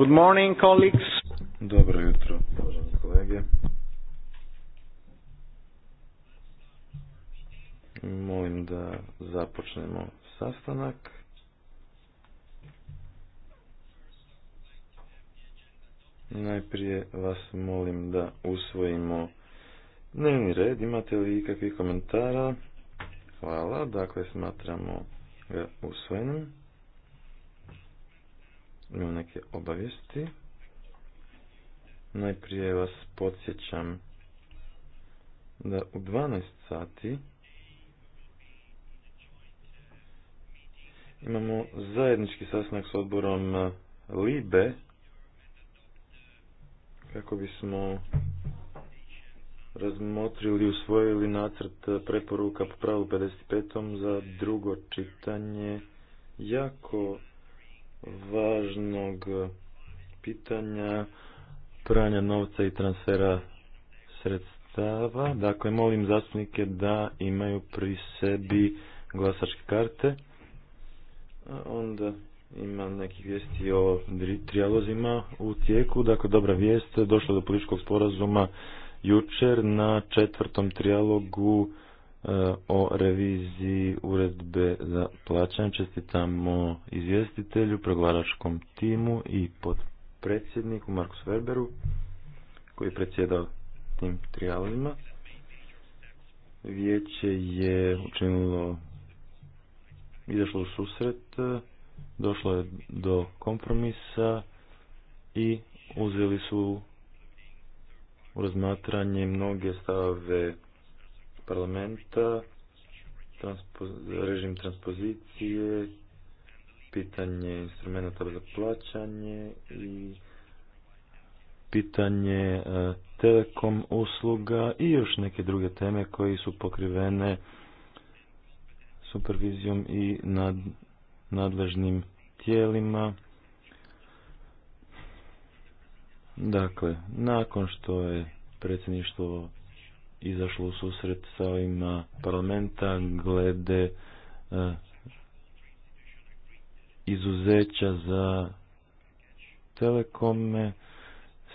Good morning, colleagues. Dobro jutro, uvaženi kolege. Molim da započnemo sastanak. Najprije vas molim da usvojimo dnevni red. Imate li ikakvih komentara? Hvala, dakle smatramo ga usvojenim imam neke obavijesti. Najprije vas podsjećam da u 12 sati imamo zajednički sastanak s odborom eh, Libe kako bismo razmotrili i usvojili nacrt preporuka po pravu 55. za drugo čitanje jako važnog pitanja pranja novca i transfera sredstava. Dakle, molim zastupnike da imaju pri sebi glasačke karte. Onda ima nekih vijesti o trijalozima u tijeku. Dakle, dobra vijest, došlo do političkog sporazuma jučer na četvrtom trijalogu E, o reviziji uredbe za plaćanje. Čestitamo izvjestitelju, pregovaračkom timu i podpredsjedniku Markus Werberu koji je predsjedao tim trijalima. Vijeće je učinilo, izašlo u susret, došlo je do kompromisa i uzeli su u razmatranje mnoge stave parlamenta, režim transpozicije, pitanje instrumenta za plaćanje i pitanje e, telekom usluga i još neke druge teme koji su pokrivene supervizijom i nad, nadležnim tijelima. Dakle, nakon što je predsjedništvo izašlo u susret sa ovima parlamenta glede izuzeća za telekome.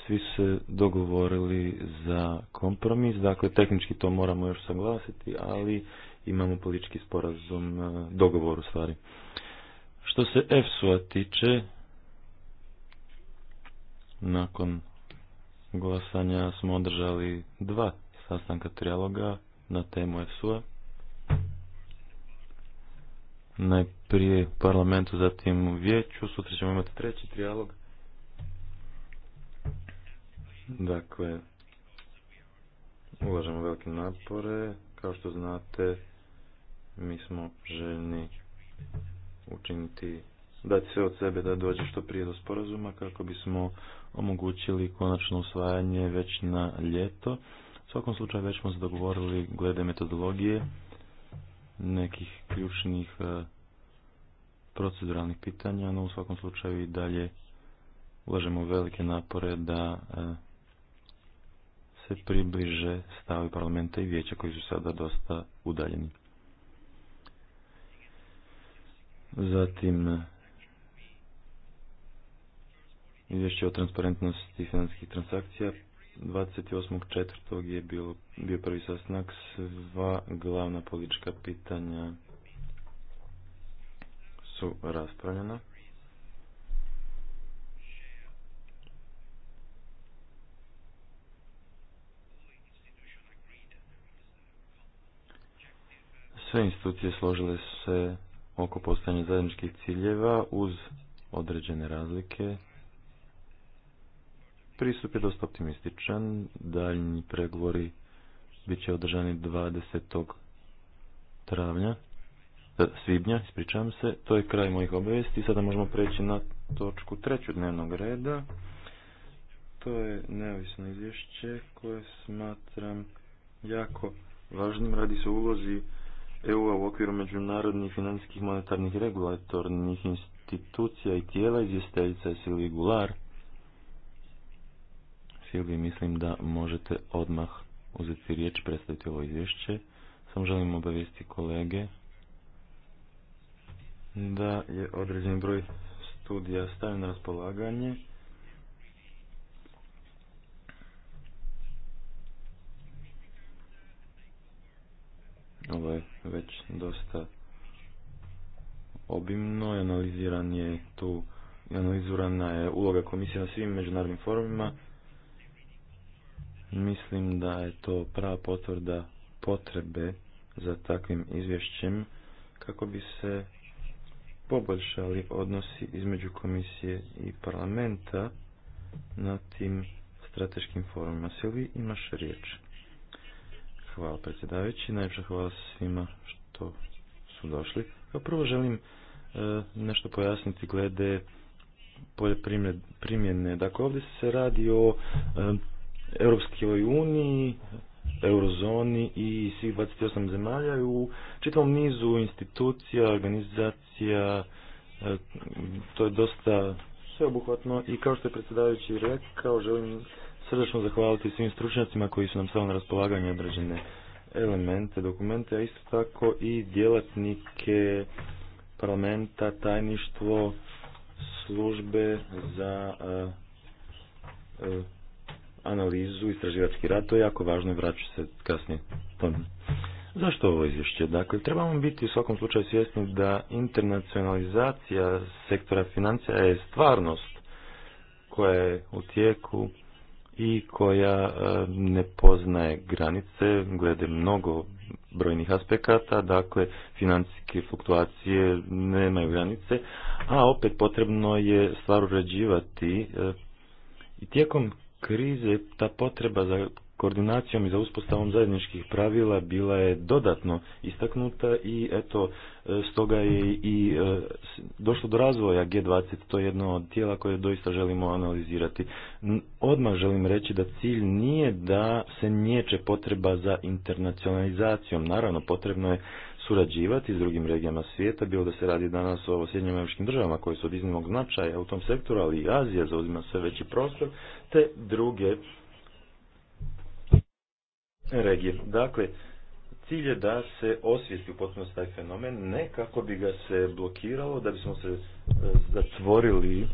Svi se dogovorili za kompromis, dakle tehnički to moramo još saglasiti, ali imamo politički sporazum, dogovor u stvari. Što se EFSU-a tiče, nakon glasanja smo održali dva sastanka trijaloga na temu su a Najprije parlamentu, zatim u vijeću. Sutra ćemo imati treći trijalog. Dakle, ulažemo velike napore. Kao što znate, mi smo željni učiniti, dati sve od sebe da dođe što prije do sporazuma kako bismo omogućili konačno usvajanje već na ljeto svakom slučaju već smo se dogovorili glede metodologije nekih ključnih e, proceduralnih pitanja, no u svakom slučaju i dalje ulažemo velike napore da e, se približe stavi parlamenta i vijeća koji su sada dosta udaljeni. Zatim e, izvješće o transparentnosti financijskih transakcija 28.4. je bilo, bio prvi sastanak sva glavna politička pitanja su raspravljena. Sve institucije složile se oko postojanja zajedničkih ciljeva uz određene razlike pristup je dosta optimističan. Daljnji pregovori bit će održani 20. travnja, e, svibnja, ispričavam se. To je kraj mojih obavijesti. Sada možemo preći na točku treću dnevnog reda. To je neovisno izvješće koje smatram jako važnim. Radi se o ulozi EU-a u okviru međunarodnih financijskih monetarnih regulatornih institucija i tijela izvjesteljica je Silvi, mislim da možete odmah uzeti riječ, predstaviti ovo izvješće. Samo želim obavijesti kolege da je određen broj studija stavljen na raspolaganje. Ovo je već dosta obimno, analiziran je tu analizirana je uloga komisije na svim međunarodnim forumima Mislim da je to prava potvrda potrebe za takvim izvješćem kako bi se poboljšali odnosi između komisije i parlamenta na tim strateškim forumima. Silvi, imaš riječ. Hvala predsjedavajući, najviše hvala svima što su došli. Kao prvo želim e, nešto pojasniti glede polje primjene. Dakle, ovdje se radi o e, Europskoj uniji, eurozoni i svih 28 zemalja u čitavom nizu institucija, organizacija, e, to je dosta sveobuhvatno i kao što je predsjedavajući rekao, želim srdečno zahvaliti svim stručnjacima koji su nam stavili na raspolaganje određene elemente, dokumente, a isto tako i djelatnike parlamenta, tajništvo, službe za e, e, analizu, istraživački rad, to je jako važno i vraću se kasnije Zašto ovo izvješće? Dakle, trebamo biti u svakom slučaju svjesni da internacionalizacija sektora financija je stvarnost koja je u tijeku i koja e, ne poznaje granice, glede mnogo brojnih aspekata, dakle financijske fluktuacije nemaju granice, a opet potrebno je stvar uređivati e, i tijekom krize ta potreba za koordinacijom i za uspostavom zajedničkih pravila bila je dodatno istaknuta i eto e, stoga je i e, došlo do razvoja G20 to je jedno od tijela koje doista želimo analizirati. Odmah želim reći da cilj nije da se nječe potreba za internacionalizacijom. Naravno potrebno je surađivati s drugim regijama svijeta, bilo da se radi danas o Sjedinjim američkim državama koji su od iznimnog značaja u tom sektoru, ali i Azija zauzima sve veći prostor, te druge regije. Dakle, cilj je da se osvijesti u potpunosti taj fenomen, ne kako bi ga se blokiralo, da bismo se e, zatvorili,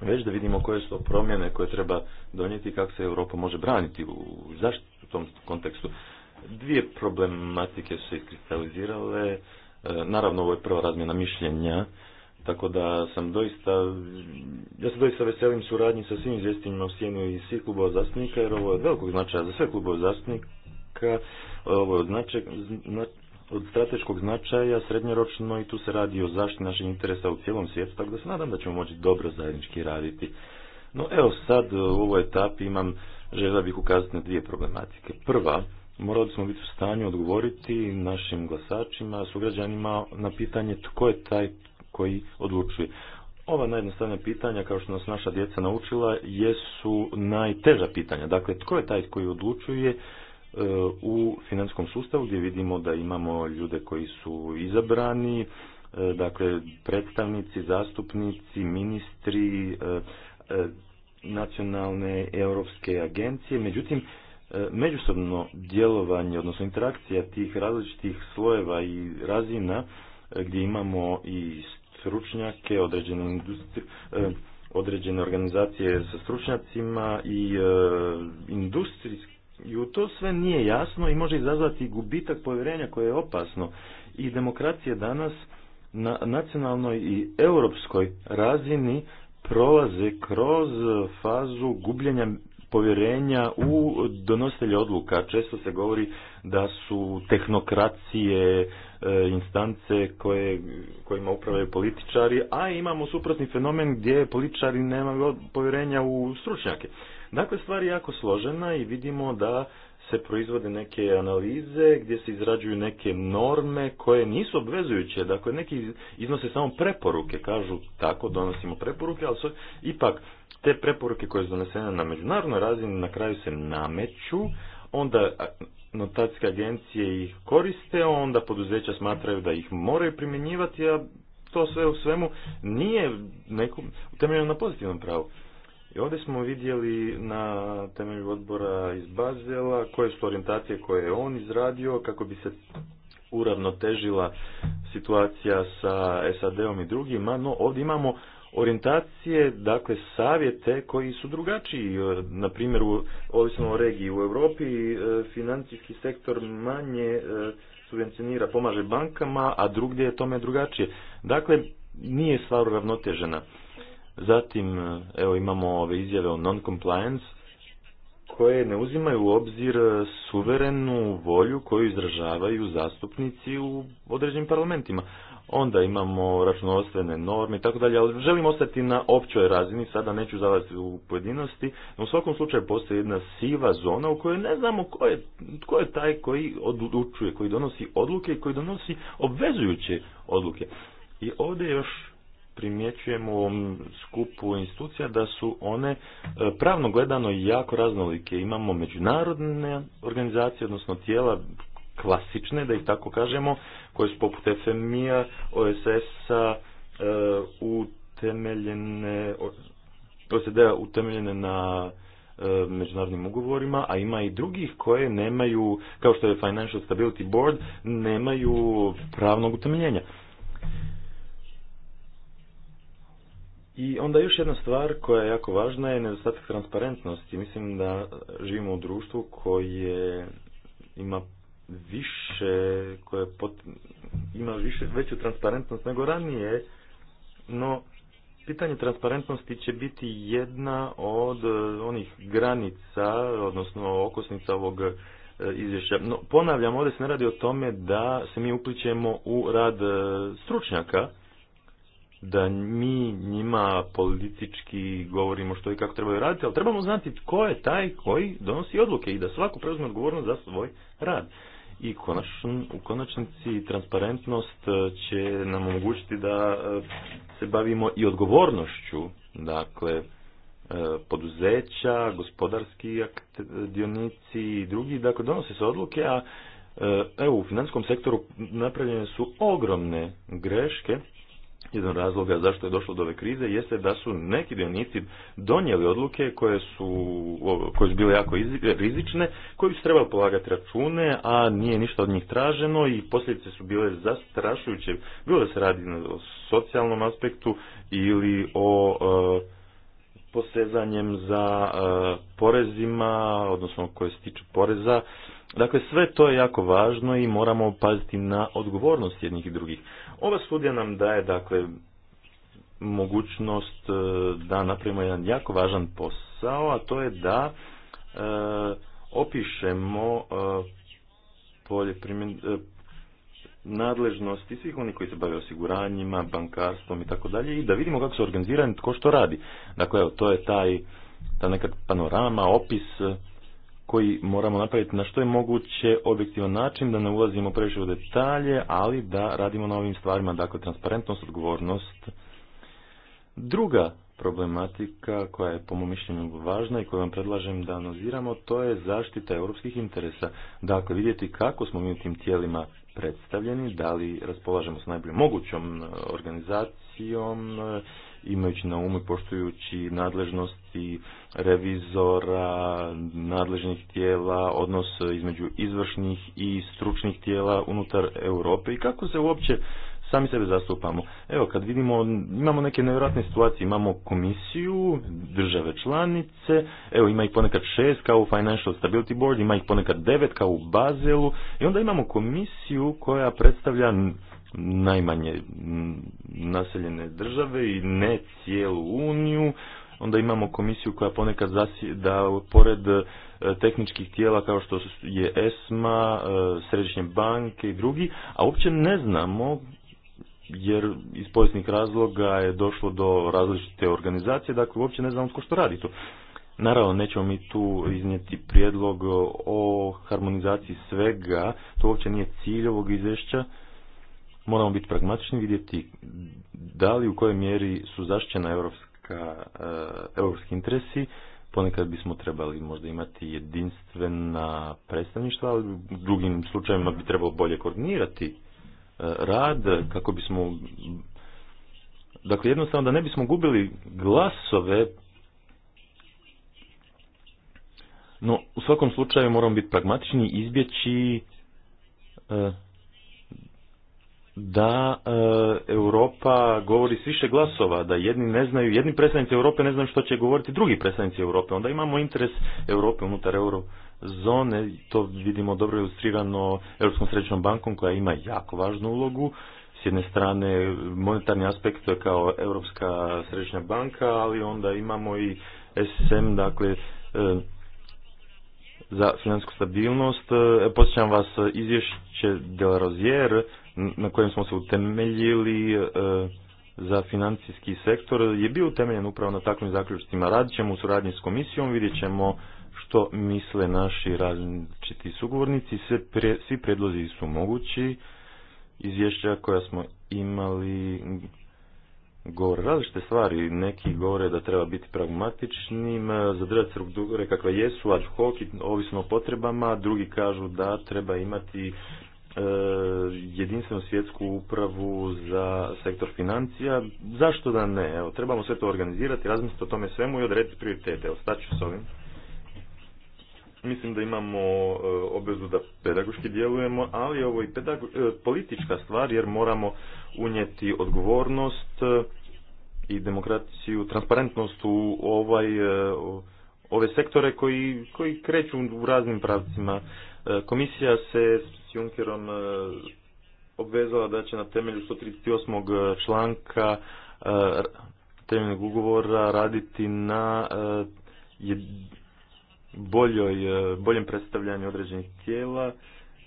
već da vidimo koje su promjene koje treba donijeti kako se Europa može braniti u zaštitu u tom kontekstu. Dvije problematike su se iskristalizirale. E, naravno, ovo je prva razmjena mišljenja, tako da sam doista, ja se doista veselim suradnji sa svim izvjestinima u i svih klubova zastupnika, jer ovo je velikog značaja za sve klubove zastupnika, ovo je od, strateškog značaja srednjoročno i tu se radi o zaštiti naših interesa u cijelom svijetu, tako da se nadam da ćemo moći dobro zajednički raditi. No evo sad u ovoj etapi imam, želja bih ukazati na dvije problematike. Prva, morali smo biti u stanju odgovoriti našim glasačima, sugrađanima na pitanje tko je taj koji odlučuje. Ova najjednostavnija pitanja, kao što nas naša djeca naučila, jesu najteža pitanja. Dakle, tko je taj koji odlučuje e, u financijskom sustavu gdje vidimo da imamo ljude koji su izabrani, e, dakle predstavnici, zastupnici, ministri, e, nacionalne europske agencije. Međutim, E, međusobno djelovanje, odnosno interakcija tih različitih slojeva i razina e, gdje imamo i stručnjake, određene, e, određene organizacije sa stručnjacima i u to sve nije jasno i može izazvati gubitak povjerenja koje je opasno. I demokracije danas na nacionalnoj i europskoj razini prolaze kroz fazu gubljenja povjerenja u donositelje odluka. Često se govori da su tehnokracije, e, instance koje, kojima upravljaju političari, a imamo suprotni fenomen gdje političari nemaju povjerenja u stručnjake. Dakle, stvar je jako složena i vidimo da se proizvode neke analize gdje se izrađuju neke norme koje nisu obvezujuće. Dakle, neki iznose samo preporuke, kažu tako, donosimo preporuke, ali su ipak te preporuke koje su donesene na međunarodnoj razini na kraju se nameću, onda notacijske agencije ih koriste, onda poduzeća smatraju da ih moraju primjenjivati, a to sve u svemu nije neko utemeljeno na pozitivnom pravu. I ovdje smo vidjeli na temelju odbora iz Bazela koje su orijentacije koje je on izradio kako bi se uravnotežila situacija sa SAD-om i drugima, no ovdje imamo orijentacije, dakle savjete koji su drugačiji, na primjer ovisno o regiji u Europi e, financijski sektor manje e, subvencionira, pomaže bankama, a drugdje je tome drugačije. Dakle, nije stvar uravnotežena. Zatim, evo imamo ove izjave o non-compliance, koje ne uzimaju u obzir suverenu volju koju izražavaju zastupnici u određenim parlamentima. Onda imamo računovostvene norme i tako dalje, ali želim ostati na općoj razini, sada neću zavati u pojedinosti, no u svakom slučaju postoji jedna siva zona u kojoj ne znamo ko je, ko je taj koji odlučuje, koji donosi odluke i koji donosi obvezujuće odluke. I ovdje još primjećujemo u ovom skupu institucija da su one e, pravno gledano jako raznolike. Imamo međunarodne organizacije, odnosno tijela klasične, da ih tako kažemo, koje su poput FMI-a, OSS-a, e, utemeljene, utemeljene na e, međunarodnim ugovorima, a ima i drugih koje nemaju, kao što je Financial Stability Board, nemaju pravnog utemeljenja. I onda još jedna stvar koja je jako važna je nedostatak transparentnosti. Mislim da živimo u društvu koje ima više, koje pot, ima više, veću transparentnost nego ranije, no pitanje transparentnosti će biti jedna od e, onih granica, odnosno okosnica ovog e, izvješća. No, ponavljam, ovdje se ne radi o tome da se mi upličemo u rad e, stručnjaka, da mi njima politički govorimo što i kako trebaju raditi, ali trebamo znati tko je taj koji donosi odluke i da svako preuzme odgovornost za svoj rad. I u konačnici transparentnost e, će nam omogućiti da e, se bavimo i odgovornošću, dakle, e, poduzeća, gospodarski dionici i drugi, dakle, donose se odluke, a evo, u financijskom sektoru napravljene su ogromne greške, jedan razloga zašto je došlo do ove krize jeste da su neki dionici donijeli odluke koje su, koje su bile jako rizične, koji su trebali polagati račune, a nije ništa od njih traženo i posljedice su bile zastrašujuće. Bilo da se radi o socijalnom aspektu ili o e, posezanjem za e, porezima, odnosno koje se tiče poreza. Dakle, sve to je jako važno i moramo paziti na odgovornost jednih i drugih. Ova studija nam daje dakle mogućnost e, da napravimo jedan jako važan posao, a to je da e, opišemo e, polje nadležnosti svih onih koji se bave osiguranjima, bankarstvom i tako dalje i da vidimo kako su organizirani, tko što radi. Dakle, evo, to je taj, ta neka panorama, opis koji moramo napraviti na što je moguće objektivan način, da ne ulazimo previše u detalje, ali da radimo na ovim stvarima, dakle transparentnost, odgovornost. Druga problematika koja je po mom mišljenju važna i koju vam predlažem da analiziramo, to je zaštita europskih interesa. Dakle, vidjeti kako smo mi u tim tijelima predstavljeni, da li raspolažemo s najboljom mogućom organizacijom, imajući na umu i poštujući nadležnosti revizora, nadležnih tijela, odnos između izvršnih i stručnih tijela unutar Europe i kako se uopće sami sebe zastupamo. Evo, kad vidimo, imamo neke nevjerojatne situacije, imamo komisiju, države članice, evo ima ih ponekad šest kao u Financial Stability Board, ima ih ponekad devet kao u Bazelu i onda imamo komisiju koja predstavlja najmanje naseljene države i ne cijelu uniju. Onda imamo komisiju koja ponekad da pored e, tehničkih tijela kao što je ESMA, e, Središnje banke i drugi, a uopće ne znamo jer iz povijesnih razloga je došlo do različite organizacije, dakle uopće ne znamo tko što radi to. Naravno, nećemo mi tu iznijeti prijedlog o harmonizaciji svega, to uopće nije cilj ovog izvješća, moramo biti pragmatični vidjeti da li u kojoj mjeri su zaštićena europska, europski eh, interesi. Ponekad bismo trebali možda imati jedinstvena predstavništva, ali u drugim slučajevima bi trebalo bolje koordinirati eh, rad kako bismo dakle jednostavno da ne bismo gubili glasove no u svakom slučaju moramo biti pragmatični izbjeći eh, da e, Europa govori s više glasova, da jedni ne znaju, jedni predstavnici Europe ne znaju što će govoriti drugi predstavnici Europe. Onda imamo interes Europe unutar eurozone, to vidimo dobro ilustrirano Europskom središnjom bankom koja ima jako važnu ulogu. S jedne strane monetarni aspekt to je kao Europska središnja banka, ali onda imamo i SSM, dakle e, za financijsku stabilnost. E, Posjećam vas izvješće La na kojem smo se utemeljili e, za financijski sektor je bio utemeljen upravo na takvim zaključcima. Radit ćemo u suradnji s komisijom, vidjet ćemo što misle naši različiti sugovornici. svi predlozi su mogući. Izvješća koja smo imali govore različite stvari. Neki govore da treba biti pragmatičnim, zadržati rukdugore kakve jesu, ad hoc, ovisno o potrebama. Drugi kažu da treba imati E, jedinstvenu svjetsku upravu za sektor financija. Zašto da ne? Evo, trebamo sve to organizirati, razmisliti o tome svemu i odrediti prioritete. Evo, s ovim. Mislim da imamo e, obvezu da pedagoški djelujemo, ali ovo i pedago... E, politička stvar jer moramo unijeti odgovornost i demokraciju, transparentnost u ovaj ove sektore koji, koji kreću u raznim pravcima. E, komisija se s Junkerom e, obvezala da će na temelju 138. E, članka temeljnog ugovora raditi na boljoj, boljem predstavljanju određenih tijela.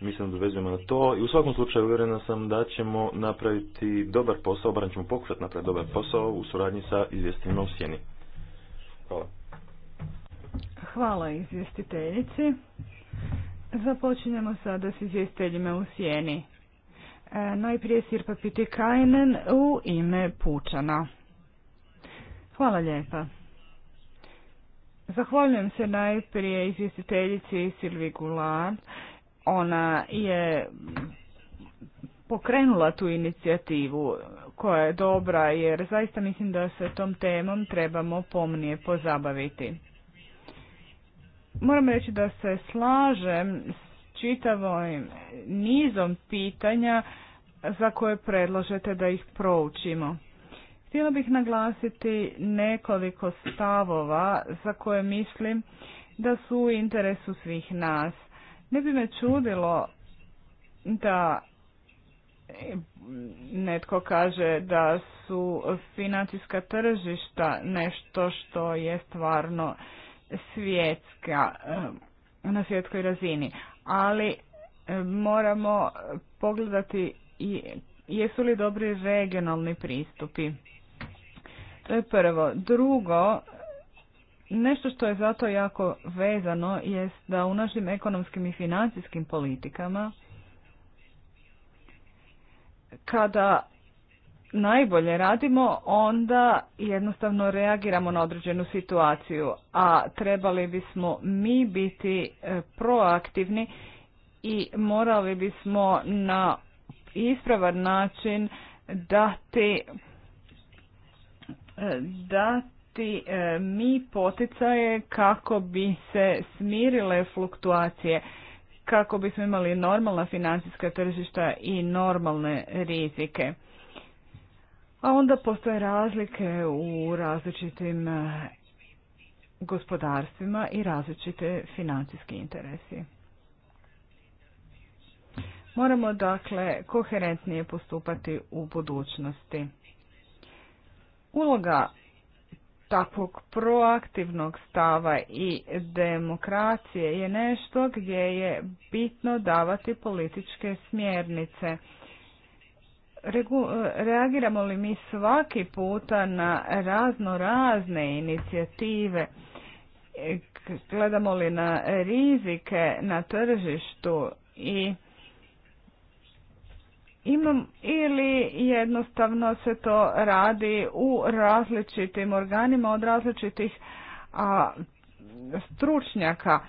Mi se nadovezujemo na to i u svakom slučaju uvjerena sam da ćemo napraviti dobar posao, barem ćemo pokušati napraviti dobar posao u suradnji sa izvjestiteljima u Sjeni. Hvala. Hvala izvjestiteljici. Započinjemo sada s izvjestiteljima u sjeni. E, najprije Sirpa Kajnen u ime Pučana. Hvala lijepa. Zahvaljujem se najprije izvjestiteljici Silvi Gulan. Ona je pokrenula tu inicijativu koja je dobra jer zaista mislim da se tom temom trebamo pomnije pozabaviti. Moram reći da se slažem s čitavim nizom pitanja za koje predlažete da ih proučimo. Htjela bih naglasiti nekoliko stavova za koje mislim da su u interesu svih nas. Ne bi me čudilo da netko kaže da su financijska tržišta nešto što je stvarno svjetska, eh, na svjetskoj razini. Ali eh, moramo pogledati i jesu li dobri regionalni pristupi. To je prvo. Drugo, nešto što je zato jako vezano jest da u našim ekonomskim i financijskim politikama kada najbolje radimo, onda jednostavno reagiramo na određenu situaciju, a trebali bismo mi biti e, proaktivni i morali bismo na ispravan način dati e, dati e, mi poticaje kako bi se smirile fluktuacije, kako bismo imali normalna financijska tržišta i normalne rizike. A onda postoje razlike u različitim eh, gospodarstvima i različite financijski interesi. Moramo dakle koherentnije postupati u budućnosti. Uloga takvog proaktivnog stava i demokracije je nešto gdje je bitno davati političke smjernice E, reagiramo li mi svaki puta na razno razne inicijative, gledamo li na rizike na tržištu i imam ili jednostavno se to radi u različitim organima od različitih a, stručnjaka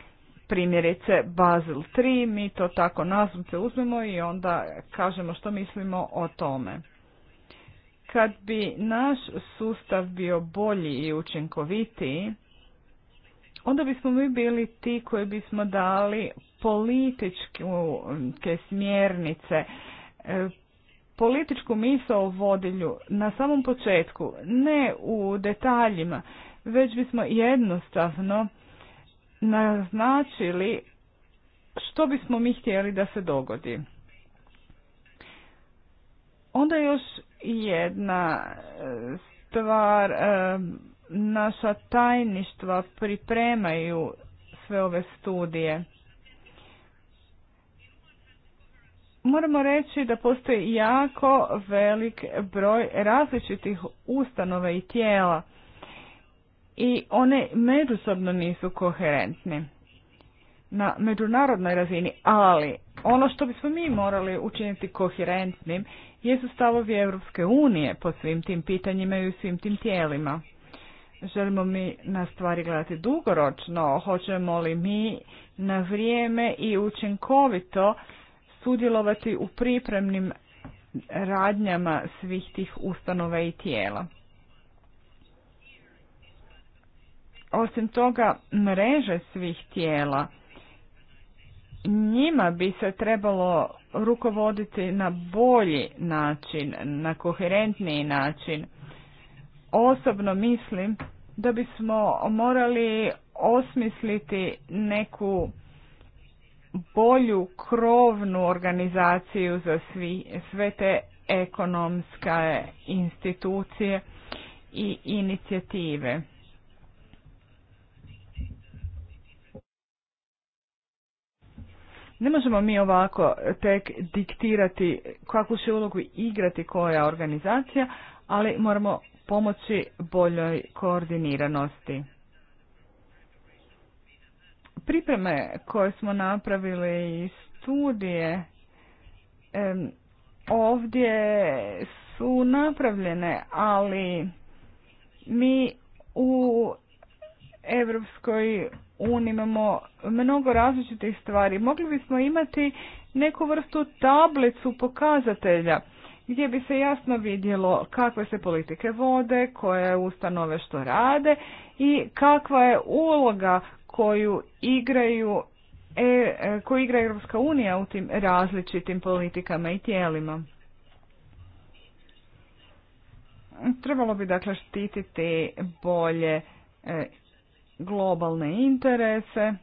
primjerice Basel 3, mi to tako nazvice uzmemo i onda kažemo što mislimo o tome. Kad bi naš sustav bio bolji i učinkovitiji, onda bismo mi bili ti koji bismo dali političke smjernice, e, političku misao o vodilju na samom početku, ne u detaljima, već bismo jednostavno naznačili što bismo mi htjeli da se dogodi. Onda još jedna e, stvar, e, naša tajništva pripremaju sve ove studije. Moramo reći da postoji jako velik broj različitih ustanova i tijela i one međusobno nisu koherentne na međunarodnoj razini, ali ono što bismo mi morali učiniti koherentnim jesu stavovi Europske unije po svim tim pitanjima i u svim tim tijelima. Želimo mi na stvari gledati dugoročno, hoćemo li mi na vrijeme i učinkovito sudjelovati u pripremnim radnjama svih tih ustanova i tijela. osim toga mreže svih tijela njima bi se trebalo rukovoditi na bolji način, na koherentniji način. Osobno mislim da bismo morali osmisliti neku bolju krovnu organizaciju za svi, sve te ekonomske institucije i inicijative. Ne možemo mi ovako tek diktirati kakvu će ulogu igrati koja organizacija, ali moramo pomoći boljoj koordiniranosti. Pripreme koje smo napravili i studije ovdje su napravljene, ali mi u Europskoj imamo mnogo različitih stvari. Mogli bismo imati neku vrstu tablicu pokazatelja gdje bi se jasno vidjelo kakve se politike vode, koje ustanove što rade i kakva je uloga koju igraju e, koju igra Europska unija u tim različitim politikama i tijelima. Trebalo bi dakle štititi bolje e, globalne interese.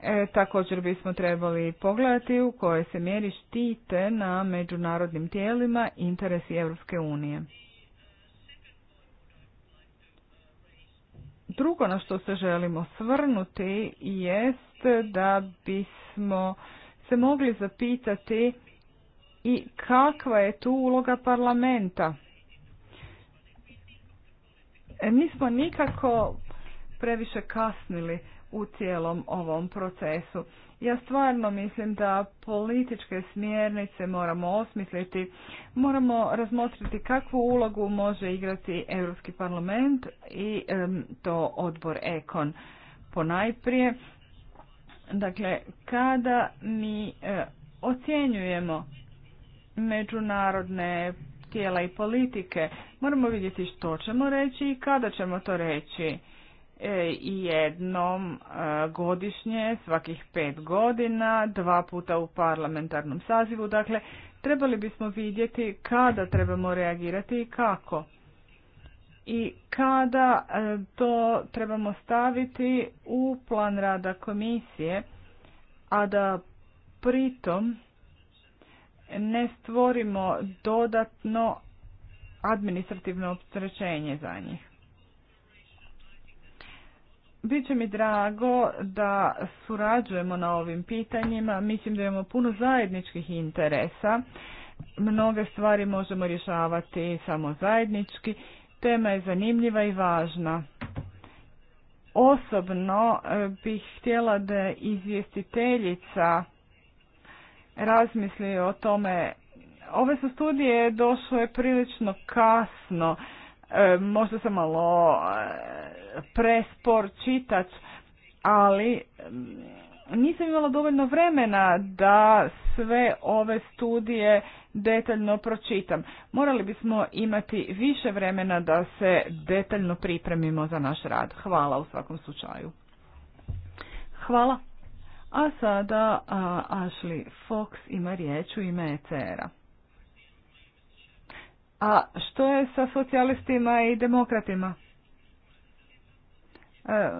E, također bismo trebali pogledati u koje se mjeri štite na međunarodnim tijelima interesi Europske unije. Drugo na što se želimo svrnuti jest da bismo se mogli zapitati i kakva je tu uloga parlamenta. E, nismo nikako previše kasnili u cijelom ovom procesu. Ja stvarno mislim da političke smjernice moramo osmisliti, moramo razmotriti kakvu ulogu može igrati Europski parlament i to odbor Ekon ponajprije. Dakle, kada mi e, ocjenjujemo međunarodne tijela i politike, moramo vidjeti što ćemo reći i kada ćemo to reći. E, jednom e, godišnje, svakih pet godina, dva puta u parlamentarnom sazivu. Dakle, trebali bismo vidjeti kada trebamo reagirati i kako. I kada e, to trebamo staviti u plan rada komisije, a da pritom ne stvorimo dodatno administrativno opterećenje za njih. Biće mi drago da surađujemo na ovim pitanjima. Mislim da imamo puno zajedničkih interesa. Mnoge stvari možemo rješavati samo zajednički. Tema je zanimljiva i važna. Osobno e, bih htjela da izvjestiteljica razmisli o tome. Ove su studije došle prilično kasno. E, možda sam malo e, prespor čitač, ali mm, nisam imala dovoljno vremena da sve ove studije detaljno pročitam. Morali bismo imati više vremena da se detaljno pripremimo za naš rad. Hvala u svakom slučaju. Hvala. A sada Ashley Fox ima riječ u ime ECR-a. A što je sa socijalistima i demokratima?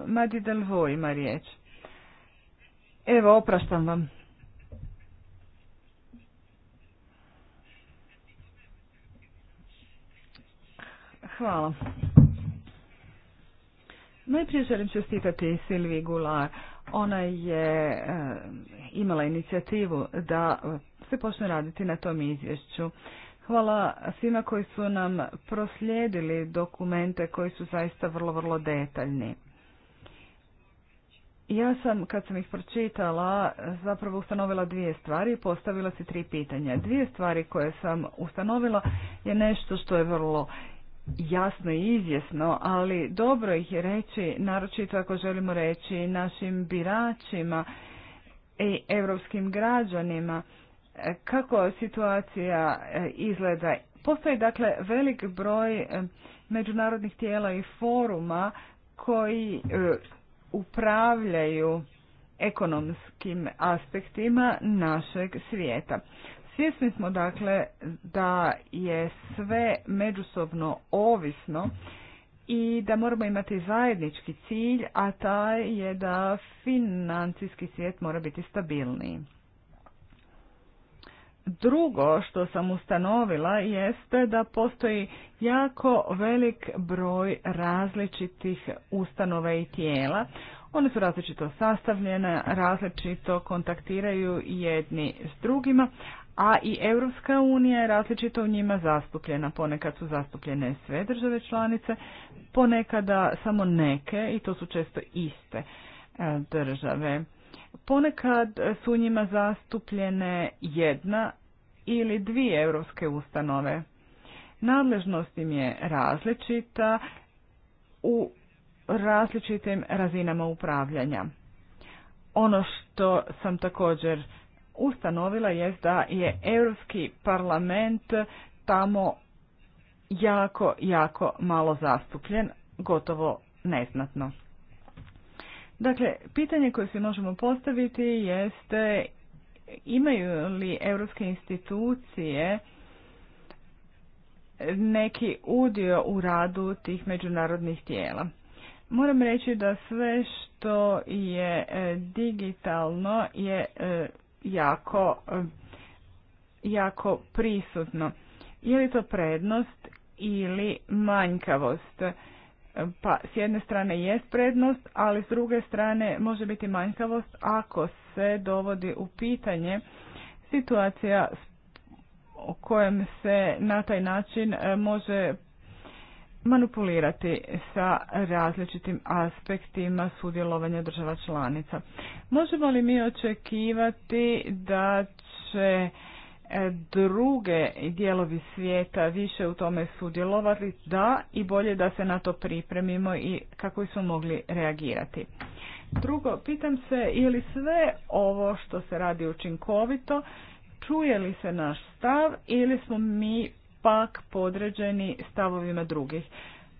Madi Delvo ima riječ. Evo, opraštam vam. Hvala. Najprije želim čestitati Silvi Gular. Ona je e, imala inicijativu da se počne raditi na tom izvješću. Hvala svima koji su nam proslijedili dokumente koji su zaista vrlo, vrlo detaljni. Ja sam, kad sam ih pročitala, zapravo ustanovila dvije stvari i postavila si tri pitanja. Dvije stvari koje sam ustanovila je nešto što je vrlo jasno i izvjesno, ali dobro ih je reći, naročito ako želimo reći našim biračima i europskim građanima, kako situacija e, izgleda. Postoji dakle velik broj e, međunarodnih tijela i foruma koji e, upravljaju ekonomskim aspektima našeg svijeta. Svjesni smo dakle da je sve međusobno ovisno i da moramo imati zajednički cilj, a taj je da financijski svijet mora biti stabilniji. Drugo što sam ustanovila jeste da postoji jako velik broj različitih ustanova i tijela. One su različito sastavljene, različito kontaktiraju jedni s drugima, a i Europska unija je različito u njima zastupljena. Ponekad su zastupljene sve države članice, ponekada samo neke i to su često iste e, države. Ponekad su njima zastupljene jedna ili dvije europske ustanove. Nadležnost im je različita u različitim razinama upravljanja. Ono što sam također ustanovila je da je Europski parlament tamo jako, jako malo zastupljen, gotovo neznatno. Dakle, pitanje koje si možemo postaviti jeste imaju li europske institucije neki udio u radu tih međunarodnih tijela. Moram reći da sve što je e, digitalno je e, jako, e, jako prisutno. Je li to prednost ili manjkavost? Pa s jedne strane jest prednost, ali s druge strane može biti manjkavost ako se dovodi u pitanje situacija o kojem se na taj način e, može manipulirati sa različitim aspektima sudjelovanja država članica. Možemo li mi očekivati da će E, druge dijelovi svijeta više u tome sudjelovali, da i bolje da se na to pripremimo i kako smo mogli reagirati. Drugo, pitam se je li sve ovo što se radi učinkovito, čuje li se naš stav ili smo mi pak podređeni stavovima drugih.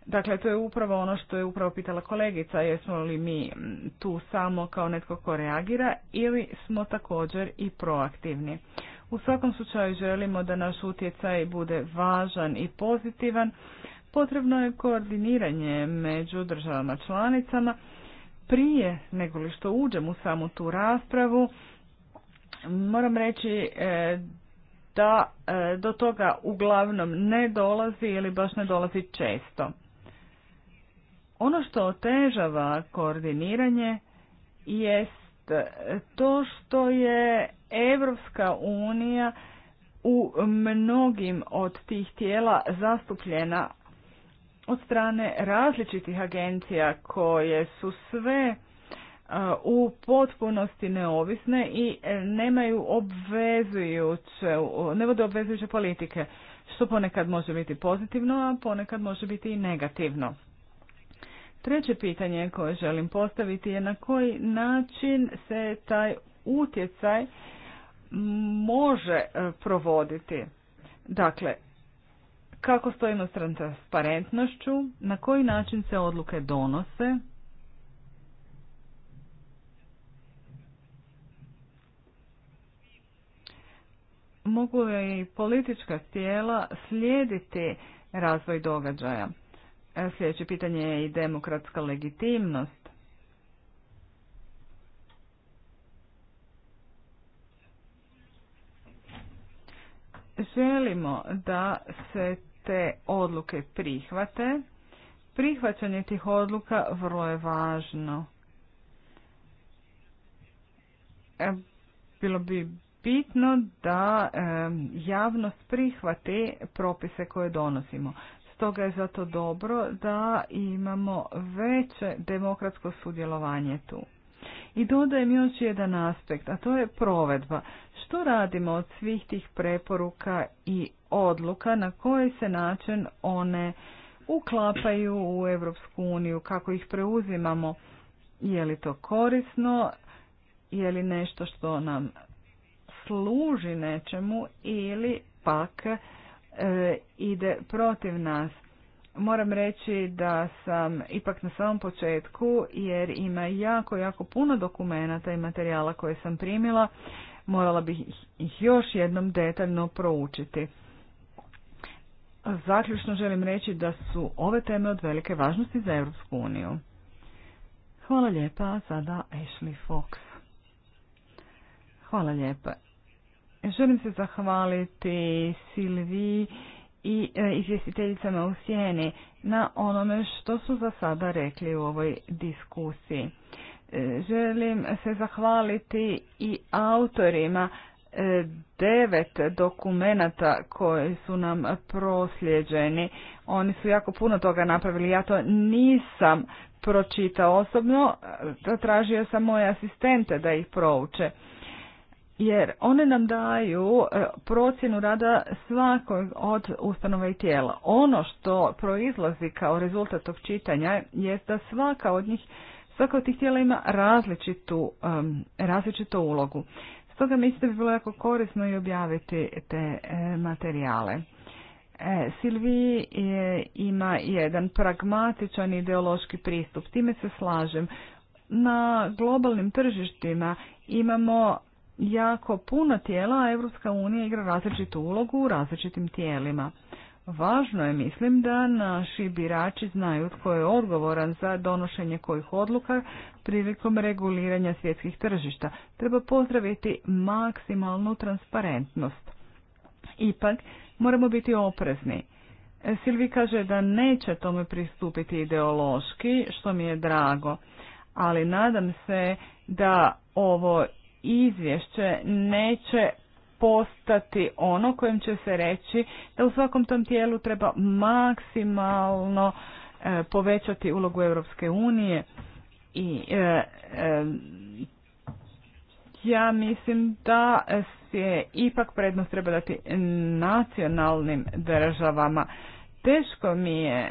Dakle, to je upravo ono što je upravo pitala kolegica, jesmo li mi tu samo kao netko ko reagira ili smo također i proaktivni. U svakom slučaju želimo da naš utjecaj bude važan i pozitivan. Potrebno je koordiniranje među državama članicama. Prije nego što uđem u samu tu raspravu, moram reći e, da e, do toga uglavnom ne dolazi ili baš ne dolazi često. Ono što otežava koordiniranje jest to što je Evropska unija u mnogim od tih tijela zastupljena od strane različitih agencija koje su sve e, u potpunosti neovisne i e, nemaju obvezujuće, ne vode obvezujuće politike, što ponekad može biti pozitivno, a ponekad može biti i negativno. Treće pitanje koje želim postaviti je na koji način se taj utjecaj može e, provoditi. Dakle, kako stojimo s transparentnošću, na koji način se odluke donose, mogu i politička tijela slijediti razvoj događaja. E, sljedeće pitanje je i demokratska legitimnost. želimo da se te odluke prihvate. Prihvaćanje tih odluka vrlo je važno. E, bilo bi bitno da e, javnost prihvati propise koje donosimo. Stoga je zato dobro da imamo veće demokratsko sudjelovanje tu. I dodajem još jedan aspekt, a to je provedba. Što radimo od svih tih preporuka i odluka, na koji se način one uklapaju u Europsku uniju, kako ih preuzimamo, je li to korisno, je li nešto što nam služi nečemu ili pak e, ide protiv nas. Moram reći da sam ipak na samom početku, jer ima jako, jako puno dokumenata i materijala koje sam primila. Morala bih ih još jednom detaljno proučiti. Zaključno želim reći da su ove teme od velike važnosti za Europsku uniju. Hvala lijepa, sada Ashley Fox. Hvala lijepa. Želim se zahvaliti Silvi i e, izvjestiteljicama u sjeni na onome što su za sada rekli u ovoj diskusiji. E, želim se zahvaliti i autorima e, devet dokumenata koji su nam prosljeđeni. Oni su jako puno toga napravili. Ja to nisam pročitao osobno. Tražio sam moje asistente da ih prouče jer one nam daju e, procjenu rada svakog od ustanova i tijela. Ono što proizlazi kao rezultat tog čitanja je da svaka od njih, svaka od tih tijela ima različitu, različitu ulogu. Stoga mislim da bi bilo jako korisno i objaviti te e, materijale. E, Silvi ima jedan pragmatičan ideološki pristup, time se slažem. Na globalnim tržištima imamo jako puno tijela, a Evropska unija igra različitu ulogu u različitim tijelima. Važno je, mislim, da naši birači znaju tko je odgovoran za donošenje kojih odluka prilikom reguliranja svjetskih tržišta. Treba pozdraviti maksimalnu transparentnost. Ipak, moramo biti oprezni. E, Silvi kaže da neće tome pristupiti ideološki, što mi je drago, ali nadam se da ovo izvješće neće postati ono kojem će se reći da u svakom tom tijelu treba maksimalno e, povećati ulogu Europske unije i e, e, ja mislim da se ipak prednost treba dati nacionalnim državama. Teško mi je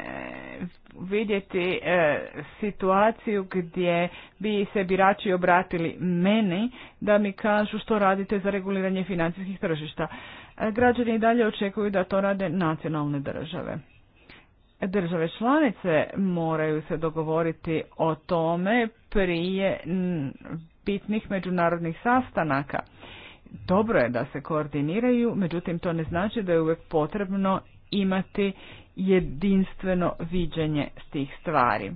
vidjeti e, situaciju gdje bi se birači obratili meni da mi kažu što radite za reguliranje financijskih tržišta. E, građani i dalje očekuju da to rade nacionalne države. Države članice moraju se dogovoriti o tome prije bitnih međunarodnih sastanaka. Dobro je da se koordiniraju, međutim to ne znači da je uvijek potrebno imati jedinstveno viđenje tih stvari.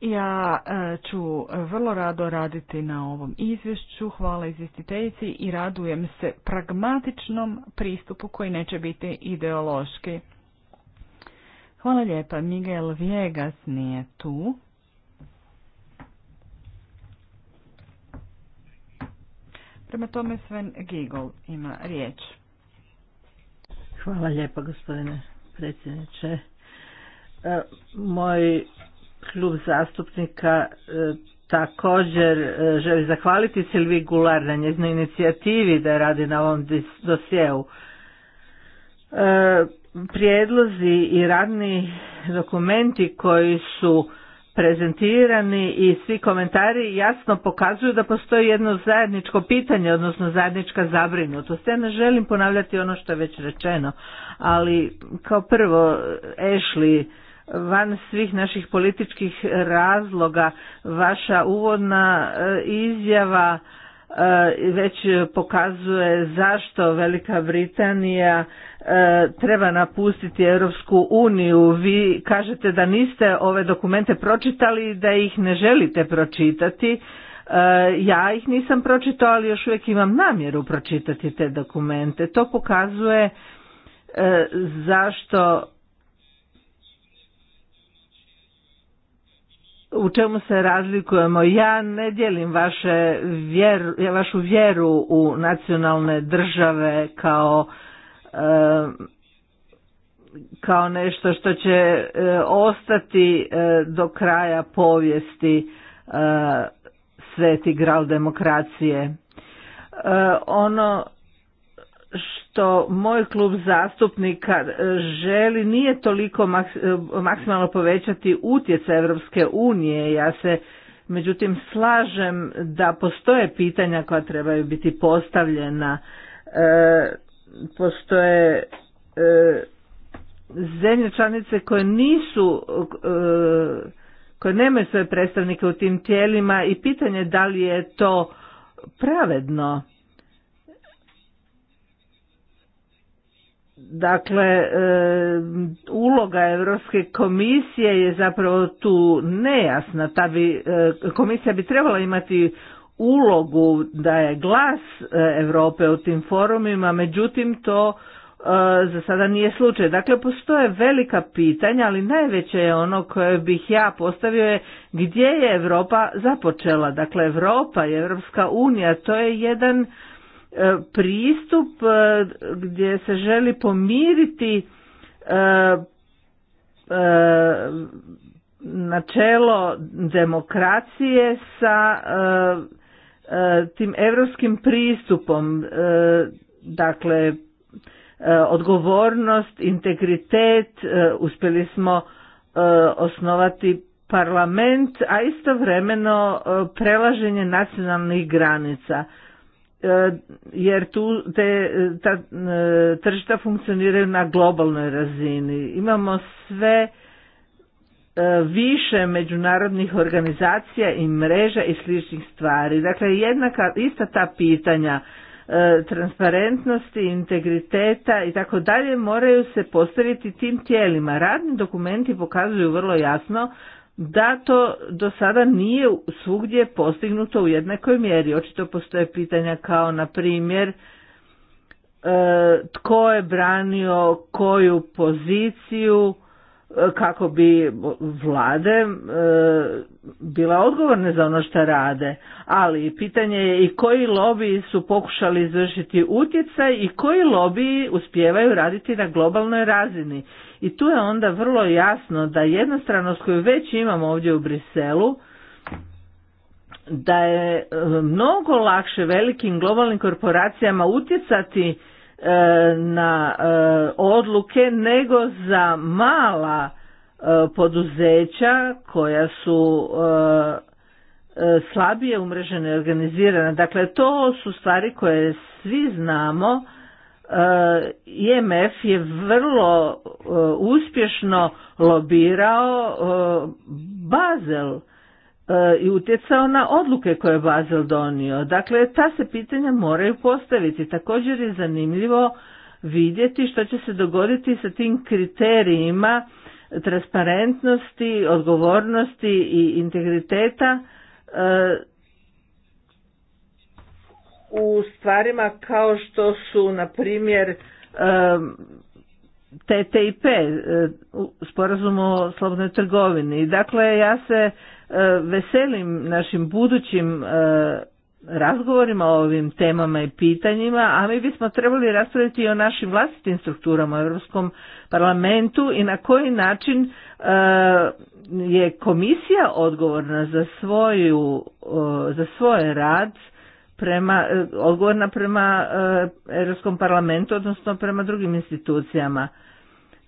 Ja e, ću vrlo rado raditi na ovom izvješću. Hvala izvjestiteljici i radujem se pragmatičnom pristupu koji neće biti ideološki. Hvala lijepa. Miguel Viegas nije tu. Prema tome Sven Gigol ima riječ. Hvala lijepa gospodine predsjedniče. E, moj klub zastupnika e, također e, želi zahvaliti Silvi Gular na njezinoj inicijativi da radi na ovom dosjeu. Prijedlozi i radni dokumenti koji su prezentirani i svi komentari jasno pokazuju da postoji jedno zajedničko pitanje, odnosno zajednička zabrinutost. Ja ne želim ponavljati ono što je već rečeno, ali kao prvo, Ashley, van svih naših političkih razloga, vaša uvodna e, izjava E, već pokazuje zašto Velika Britanija e, treba napustiti Europsku uniju. Vi kažete da niste ove dokumente pročitali i da ih ne želite pročitati. E, ja ih nisam pročitao, ali još uvijek imam namjeru pročitati te dokumente. To pokazuje zašto u čemu se razlikujemo. Ja ne dijelim vaše vjeru, vašu vjeru u nacionalne države kao eh, kao nešto što će eh, ostati eh, do kraja povijesti sveti gral demokracije. Ono što moj klub zastupnika e, želi nije toliko e, maksimalno povećati utjecaj Europske unije. Ja se međutim slažem da postoje pitanja koja trebaju biti postavljena. E, postoje zemlje članice koje nisu koje nemaju svoje predstavnike u tim tijelima i pitanje da li je to pravedno Dakle, e, uloga Europske komisije je zapravo tu nejasna. Ta bi, e, komisija bi trebala imati ulogu da je glas e, Europe u tim forumima, međutim to za sada nije slučaj. Dakle, postoje velika pitanja, ali najveće je ono koje bih ja postavio je gdje je Europa započela. Dakle, Europa i Europska unija, to je jedan E, pristup e, gdje se želi pomiriti e, načelo demokracije sa tim europskim pristupom dakle odgovornost integritet uspjeli smo osnovati parlament a istovremeno prelaženje nacionalnih granica E, jer tu te ta, e, tržišta funkcioniraju na globalnoj razini. Imamo sve e, više međunarodnih organizacija i mreža i sličnih stvari. Dakle, jednaka, ista ta pitanja transparentnosti, integriteta i tako dalje moraju se postaviti tim tijelima. Radni dokumenti pokazuju vrlo jasno da to do sada nije svugdje postignuto u jednakoj mjeri. Očito postoje pitanja kao na primjer e, tko je branio koju poziciju, kako bi vlade e, bila odgovorne za ono što rade, ali pitanje je i koji lobiji su pokušali izvršiti utjecaj i koji lobiji uspijevaju raditi na globalnoj razini. I tu je onda vrlo jasno da jednostranost koju već imamo ovdje u Briselu, da je e, mnogo lakše velikim globalnim korporacijama utjecati E, na e, odluke nego za mala e, poduzeća koja su slabije umrežene i organizirana. Dakle, to su stvari koje svi znamo. IMF je vrlo uspješno lobirao Bazel E, i utjecao na odluke koje je Bazel donio. Dakle, ta se pitanja moraju postaviti. Također je zanimljivo vidjeti što će se dogoditi sa tim kriterijima transparentnosti, odgovornosti i integriteta e, u stvarima kao što su, na primjer, e, TTIP, sporazum o slobodnoj trgovini. Dakle, ja se veselim našim budućim e, razgovorima o ovim temama i pitanjima, a mi bismo trebali raspraviti i o našim vlastitim strukturama u Europskom parlamentu i na koji način e, je komisija odgovorna za, svoju, za svoj rad prema, e, odgovorna prema Europskom parlamentu, odnosno prema drugim institucijama.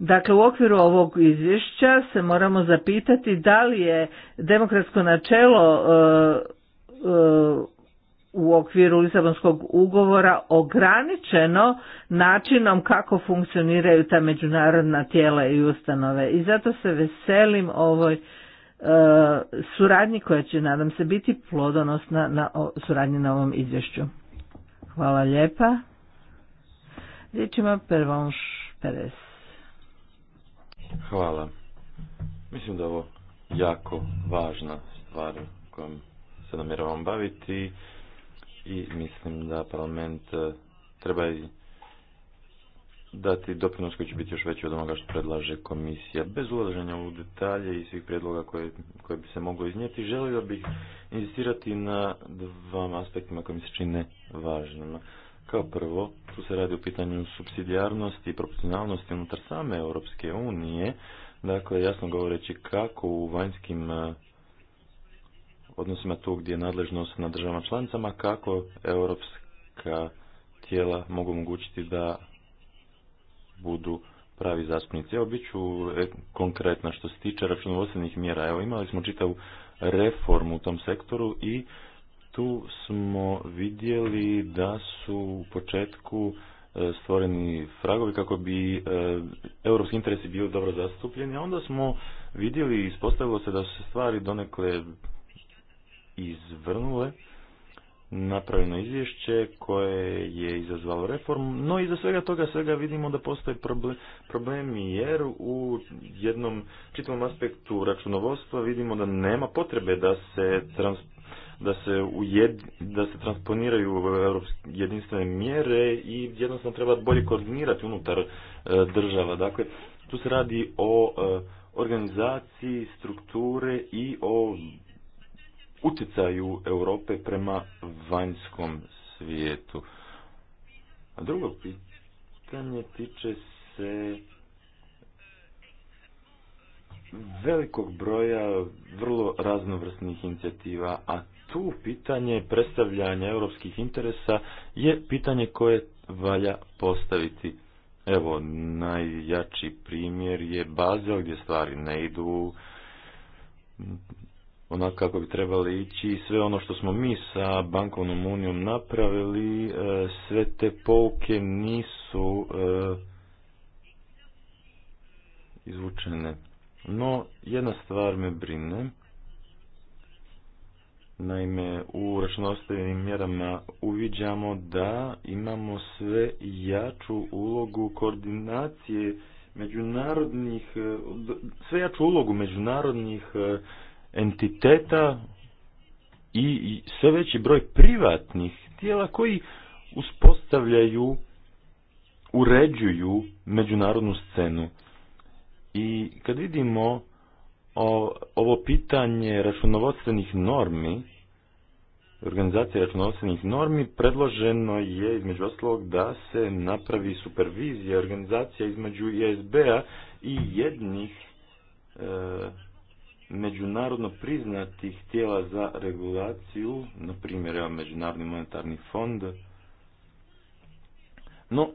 Dakle, u okviru ovog izvješća se moramo zapitati da li je demokratsko načelo e, e, u okviru Lisabonskog ugovora ograničeno načinom kako funkcioniraju ta međunarodna tijela i ustanove. I zato se veselim ovoj e, suradnji koja će, nadam se, biti plodonosna na suradnji na ovom izvješću. Hvala lijepa. Riječ ima Pervonš Peres. Hvala. Mislim da je ovo jako važna stvar kojom se namjeravam baviti i mislim da parlament e, treba i dati doprinos koji će biti još veći od onoga što predlaže komisija. Bez ulaženja u detalje i svih predloga koje, koje bi se moglo iznijeti, želio bih inzistirati na dva aspektima koji mi se čine važnima. Kao prvo, tu se radi o pitanju subsidijarnosti i proporcionalnosti unutar same Europske unije, dakle jasno govoreći kako u vanjskim e, odnosima tu gdje je nadležnost na državama članicama, kako europska tijela mogu omogućiti da budu pravi zastupnici. Evo bit ću e, konkretna što se tiče računovodstvenih mjera. Evo imali smo čitavu reformu u tom sektoru i tu smo vidjeli da su u početku e, stvoreni fragovi kako bi e, europski interesi bili dobro zastupljeni, a onda smo vidjeli i ispostavilo se da su se stvari donekle izvrnule napravljeno izvješće koje je izazvalo reformu, no iza svega toga svega vidimo da postoje problemi jer u jednom čitavom aspektu računovodstva vidimo da nema potrebe da se trans, da se, ujed, da se transponiraju jedinstvene mjere i jednostavno treba bolje koordinirati unutar e, država. Dakle, tu se radi o e, organizaciji, strukture i o utjecaju Europe prema vanjskom svijetu. A drugo pitanje tiče se velikog broja vrlo raznovrsnih inicijativa, a tu pitanje predstavljanja europskih interesa je pitanje koje valja postaviti. Evo, najjači primjer je Bazel gdje stvari ne idu onako kako bi trebali ići. Sve ono što smo mi sa bankovnom unijom napravili, e, sve te pouke nisu e, izvučene. No, jedna stvar me brine. Naime, u računovodstvenim mjerama uviđamo da imamo sve jaču ulogu koordinacije međunarodnih, sve jaču ulogu međunarodnih e, entiteta i sve veći broj privatnih tijela koji uspostavljaju, uređuju međunarodnu scenu. I kad vidimo ovo pitanje računovodstvenih normi, organizacije računovodstvenih normi predloženo je između ostalog da se napravi supervizija organizacija između ISB-a i jednih e, međunarodno priznatih tijela za regulaciju, na primjer evo, Međunarodni monetarni fond. No,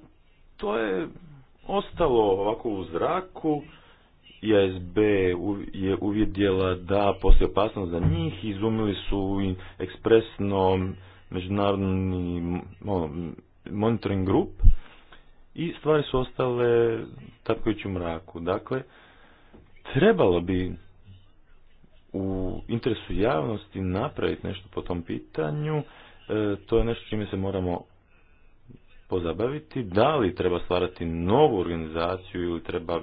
to je ostalo ovako u zraku ISB je uvidjela da postoji opasnost za njih, izumili su ekspresno međunarodni ono, monitoring grup i stvari su ostale tapkajući u mraku. Dakle, trebalo bi u interesu javnosti napraviti nešto po tom pitanju, e, to je nešto čime se moramo pozabaviti, da li treba stvarati novu organizaciju ili treba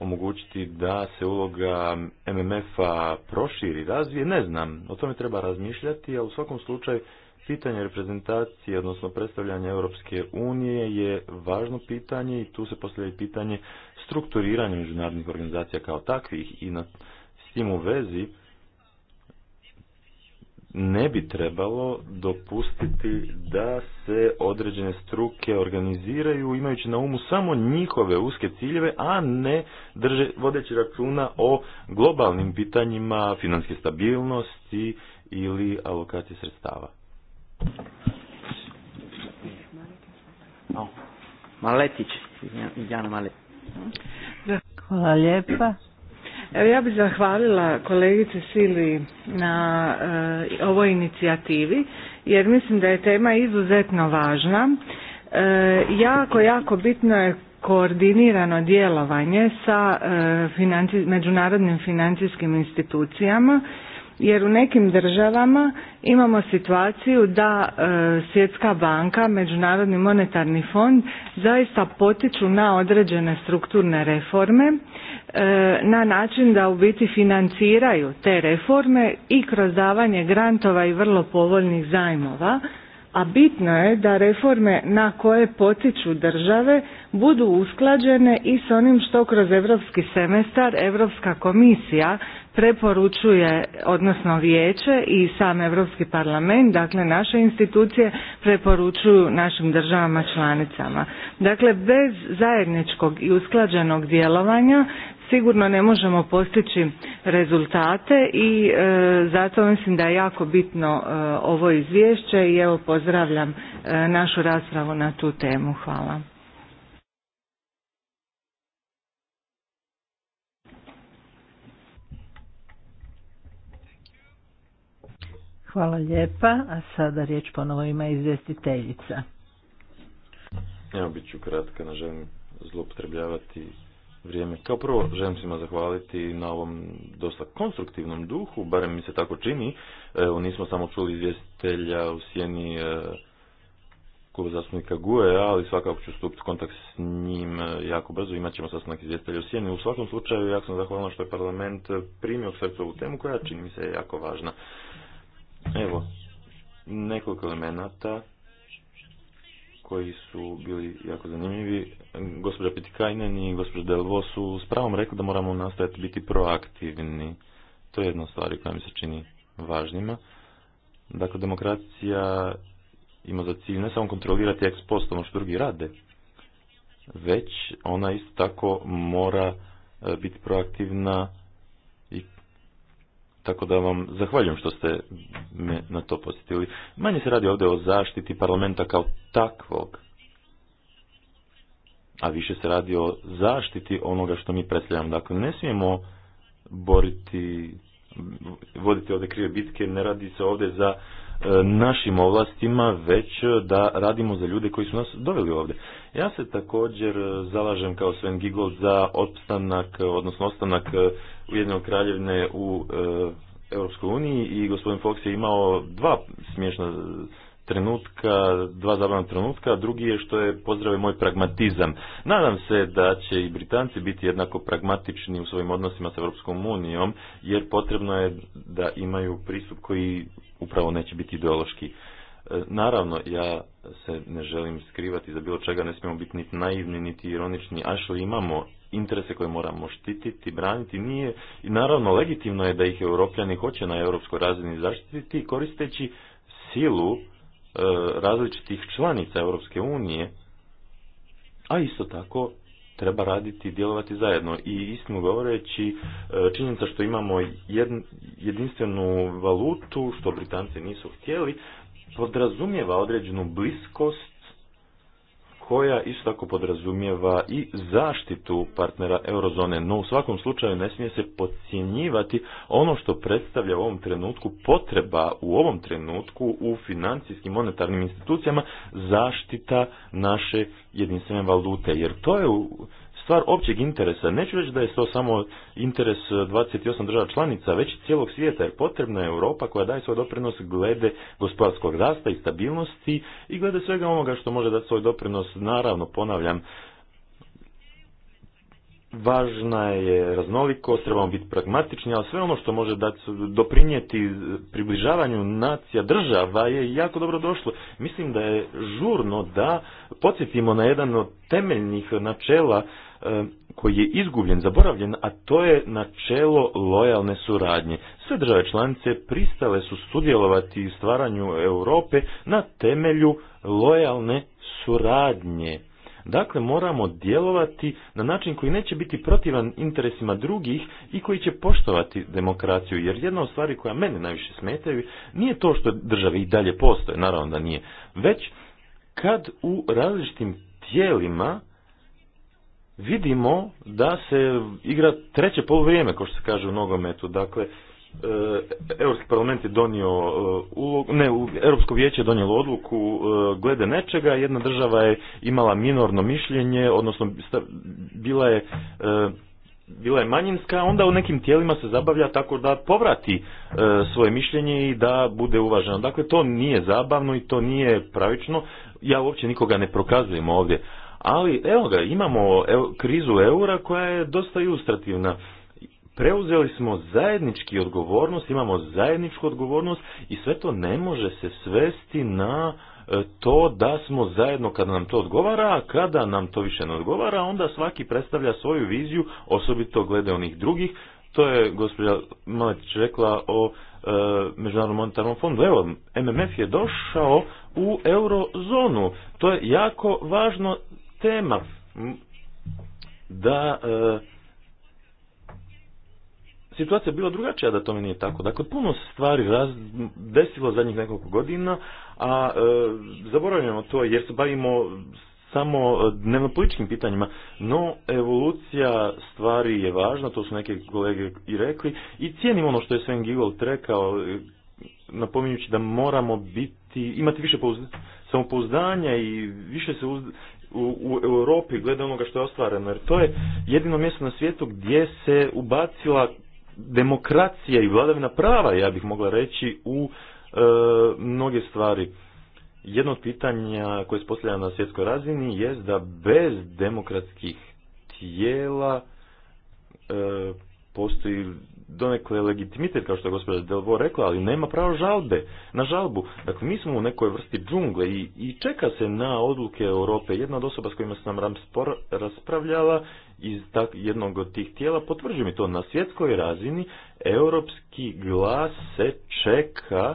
omogućiti da se uloga MMF-a proširi, razvije, ne znam. O tome treba razmišljati, a u svakom slučaju pitanje reprezentacije, odnosno predstavljanja Europske unije je važno pitanje i tu se postavlja i pitanje strukturiranja međunarodnih organizacija kao takvih i na, s tim u vezi ne bi trebalo dopustiti da se određene struke organiziraju imajući na umu samo njihove uske ciljeve, a ne drže, vodeći računa o globalnim pitanjima financijske stabilnosti ili alokacije sredstava. Hvala lijepa. Evo ja bih zahvalila kolegice Sili na e, ovoj inicijativi jer mislim da je tema izuzetno važna. E, jako, jako bitno je koordinirano djelovanje sa e, međunarodnim financijskim institucijama jer u nekim državama imamo situaciju da e, Svjetska banka, Međunarodni monetarni fond zaista potiču na određene strukturne reforme e, na način da u biti financiraju te reforme i kroz davanje grantova i vrlo povoljnih zajmova a bitno je da reforme na koje potiču države budu usklađene i s onim što kroz europski semestar Europska komisija preporučuje odnosno vijeće i sam Europski parlament, dakle naše institucije preporučuju našim državama članicama. Dakle bez zajedničkog i usklađenog djelovanja sigurno ne možemo postići rezultate i e, zato mislim da je jako bitno e, ovo izvješće i evo pozdravljam e, našu raspravu na tu temu. Hvala. Hvala lijepa, a sada riječ ponovo ima izvjestiteljica. Evo bit ću kratka, ne želim zloupotrebljavati vrijeme. Kao prvo želim svima zahvaliti na ovom dosta konstruktivnom duhu, barem mi se tako čini. Evo nismo samo čuli izvjestitelja u sjeni e, kluba zastupnika GUE, ali svakako ću stupiti u kontakt s njim e, jako brzo, imat ćemo sastanak izvjestitelja u Sjeni. U svakom slučaju, jako sam zahvalan što je parlament primio srcu ovu temu koja čini mi se jako važna. Evo, nekoliko elemenata koji su bili jako zanimljivi. Gospođa Pitikajnen i gospođa Delvo su s pravom rekli da moramo nastaviti biti proaktivni. To je jedna stvar koja mi se čini važnima. Dakle, demokracija ima za cilj ne samo kontrolirati ex post ono što drugi rade, već ona isto tako mora e, biti proaktivna tako da vam zahvaljujem što ste me na to posjetili. Manje se radi ovdje o zaštiti parlamenta kao takvog, a više se radi o zaštiti onoga što mi predstavljamo. Dakle, ne smijemo boriti, voditi ovdje krive bitke, ne radi se ovdje za E, našim ovlastima, već e, da radimo za ljude koji su nas doveli ovdje. Ja se također e, zalažem kao Sven Gigol za opstanak, odnosno ostanak Ujedinog kraljevne u Europskoj uniji i gospodin Fox je imao dva smiješna trenutka, dva zabavna trenutka, a drugi je što je pozdrave moj pragmatizam. Nadam se da će i Britanci biti jednako pragmatični u svojim odnosima s Europskom unijom, jer potrebno je da imaju pristup koji upravo neće biti ideološki. E, naravno, ja se ne želim skrivati za bilo čega, ne smijemo biti niti naivni, niti ironični, a što imamo interese koje moramo štititi, braniti, nije. I naravno, legitimno je da ih europljani hoće na europskoj razini zaštititi, koristeći silu E, različitih članica Europske unije, a isto tako treba raditi i djelovati zajedno. I istinu govoreći, e, činjenica što imamo jedinstvenu valutu, što Britanci nisu htjeli, podrazumijeva određenu bliskost koja isto podrazumijeva i zaštitu partnera eurozone, no u svakom slučaju ne smije se podcjenjivati ono što predstavlja u ovom trenutku potreba u ovom trenutku u financijskim monetarnim institucijama zaštita naše jedinstvene valute, jer to je u stvar općeg interesa. Neću reći da je to samo interes 28 e, država članica, već cijelog svijeta, jer potrebna je Europa koja daje svoj doprinos glede gospodarskog rasta i stabilnosti i glede svega onoga što može dati svoj doprinos. Naravno, ponavljam, važna je raznolikost, trebamo biti pragmatični, ali sve ono što može dati, doprinijeti približavanju nacija država je jako dobro došlo. Mislim da je žurno da podsjetimo na jedan od temeljnih načela Eh, koji je izgubljen, zaboravljen, a to je načelo lojalne suradnje. Sve države članice pristale su sudjelovati u stvaranju Europe na temelju lojalne suradnje. Dakle, moramo djelovati na način koji neće biti protivan interesima drugih i koji će poštovati demokraciju. Jer jedna od stvari koja mene najviše smetaju nije to što države i dalje postoje, naravno da nije, već kad u različitim tijelima vidimo da se igra treće poluvrijeme, kao što se kaže u nogometu. Dakle, e, Europski parlament je donio e, ulogu, ne, Europsko vijeće je donijelo odluku e, glede nečega, jedna država je imala minorno mišljenje, odnosno bila je bila je manjinska, onda u nekim tijelima se zabavlja tako da povrati svoje mišljenje i da bude uvaženo. Dakle, to nije zabavno i to nije pravično. Ja uopće nikoga ne prokazujem ovdje, ali evo ga, imamo krizu eura koja je dosta ilustrativna. Preuzeli smo zajednički odgovornost, imamo zajedničku odgovornost i sve to ne može se svesti na e, to da smo zajedno kada nam to odgovara, a kada nam to više ne odgovara, onda svaki predstavlja svoju viziju, osobito glede onih drugih. To je gospođa Maletić rekla o e, Međunarodnom monetarnom fondu. Evo, MMF je došao u eurozonu. To je jako važno tema da e, situacija je bila drugačija da to tome nije tako. Dakle, puno stvari raz, desilo zadnjih nekoliko godina, a e, zaboravljamo to jer se bavimo samo dnevnopolitičkim pitanjima, no evolucija stvari je važna, to su neke kolege i rekli, i cijenim ono što je Sven Gigol trekao e, napominjući da moramo biti, imati više samopouzdanja i više se uz, u, u Europi glede onoga što je ostvareno. Jer to je jedino mjesto na svijetu gdje se ubacila demokracija i vladavina prava, ja bih mogla reći, u e, mnoge stvari. Jedno od pitanja koje se postavlja na svjetskoj razini je da bez demokratskih tijela e, postoji donekle legitimitet, kao što je gospođa Delvo rekla, ali nema pravo žalbe, na žalbu. Dakle, mi smo u nekoj vrsti džungle i, i čeka se na odluke Europe. Jedna od osoba s kojima sam raspravljala iz tak, jednog od tih tijela, potvrđuje mi to, na svjetskoj razini europski glas se čeka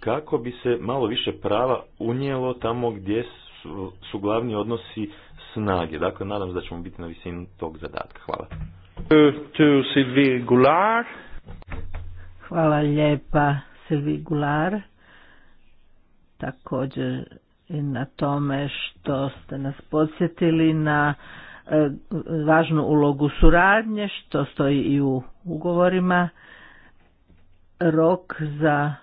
kako bi se malo više prava unijelo tamo gdje su, su glavni odnosi snage. Dakle, nadam se da ćemo biti na visini tog zadatka. Hvala. To Sylvie Hvala lijepa Sylvie Gular. Također i na tome što ste nas podsjetili na e, važnu ulogu suradnje, što stoji i u ugovorima. Rok za,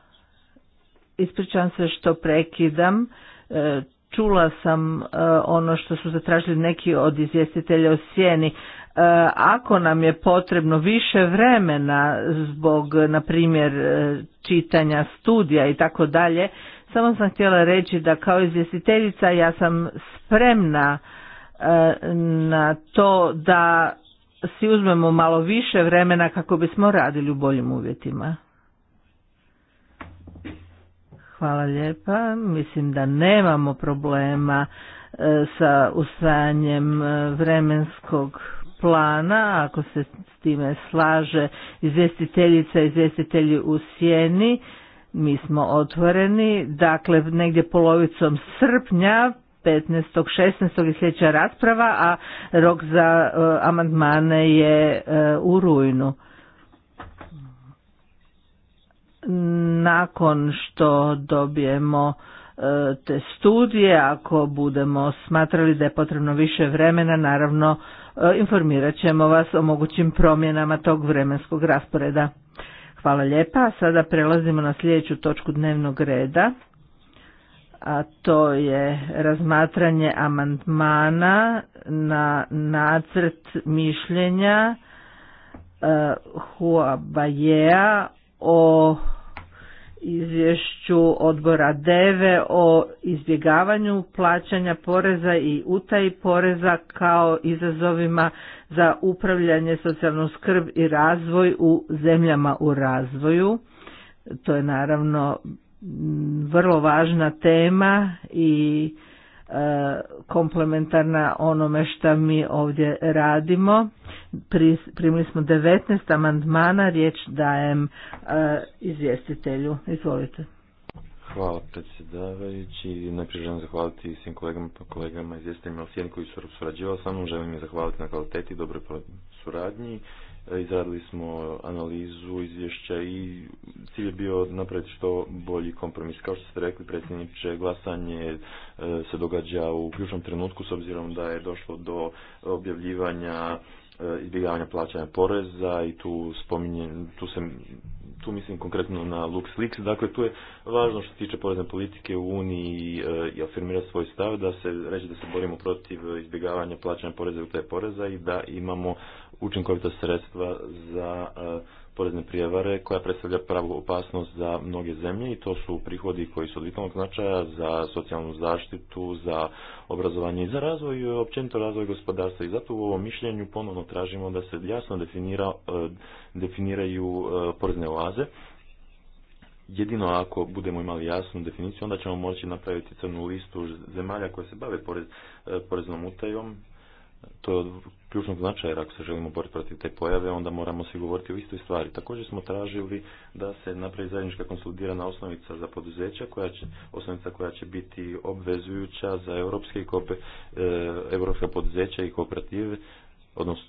ispričavam se što prekidam, e, čula sam e, ono što su zatražili neki od izvjestitelja o sjeni. Eh, ako nam je potrebno više vremena zbog na primjer eh, čitanja studija i tako dalje samo sam htjela reći da kao izvjestiteljica ja sam spremna eh, na to da si uzmemo malo više vremena kako bismo radili u boljim uvjetima. Hvala lijepa. Mislim da nemamo problema sa usvajanjem vremenskog plana, ako se s time slaže izvjestiteljica, izvjestitelji u sjeni, mi smo otvoreni, dakle negdje polovicom srpnja 15. 16. i sljedeća rasprava, a rok za e, amandmane je e, u rujnu. Nakon što dobijemo te studije, ako budemo smatrali da je potrebno više vremena, naravno e, informirat ćemo vas o mogućim promjenama tog vremenskog rasporeda. Hvala lijepa, sada prelazimo na sljedeću točku dnevnog reda, a to je razmatranje amandmana na nacrt mišljenja e, Bajea o izvješću odbora DEVE o izbjegavanju plaćanja poreza i utaji poreza kao izazovima za upravljanje socijalnu skrb i razvoj u zemljama u razvoju. To je naravno vrlo važna tema i e, komplementarna onome što mi ovdje radimo primili smo 19 amandmana, riječ dajem e, izvjestitelju. Izvolite. Hvala predsjedavajući. Najprije želim zahvaliti svim kolegama, kolegama izvjestiteljima u Sjeni koji su surađivali sa Želim je zahvaliti na kvaliteti i dobroj suradnji. E, izradili smo analizu izvješća i cilj je bio napraviti što bolji kompromis. Kao što ste rekli, predsjedniče, glasanje e, se događa u ključnom trenutku s obzirom da je došlo do objavljivanja E, izbjegavanja plaćanja poreza i tu spominjem, tu se tu mislim konkretno na LuxLeaks, dakle tu je važno što se tiče porezne politike u Uniji e, i afirmirati svoj stav da se reći da se borimo protiv izbjegavanja plaćanja poreza i te poreza i da imamo učinkovita sredstva za e, porezne prijevare koja predstavlja pravu opasnost za mnoge zemlje i to su prihodi koji su od vitalnog značaja za socijalnu zaštitu, za obrazovanje i za razvoj i općenito razvoj gospodarstva. I zato u ovom mišljenju ponovno tražimo da se jasno definira, e, definiraju e, porezne oaze. Jedino ako budemo imali jasnu definiciju, onda ćemo moći napraviti crnu listu zemalja koje se bave e, poreznom utajom to je od ključnog značaja, jer ako se želimo boriti protiv te pojave, onda moramo se govoriti o istoj stvari. Također smo tražili da se napravi zajednička konsolidirana osnovica za poduzeća, koja će, osnovica koja će biti obvezujuća za europske i kope, europska poduzeća i kooperative, odnosno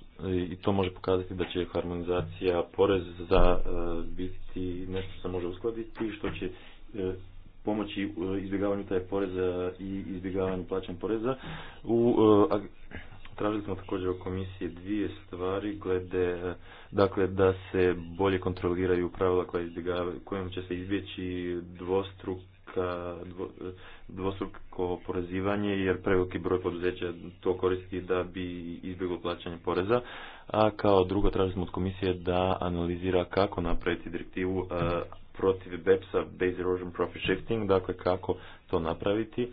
i to može pokazati da će harmonizacija poreza e, biti nešto što se može uskladiti, što će e, pomoći izbjegavanju taj poreza i izbjegavanju plaćanja poreza u e, Tražili smo također u komisiji dvije stvari glede, dakle da se bolje kontroliraju pravila koja izbjegavaju, kojim će se izbjeći dvostruka, dvostruko oporezivanje jer preveliki broj poduzeća to koristi da bi izbjeglo plaćanje poreza. A kao drugo tražili smo od komisije da analizira kako napraviti direktivu eh, protiv BEPS-a, Base Erosion Profit Shifting, dakle kako to napraviti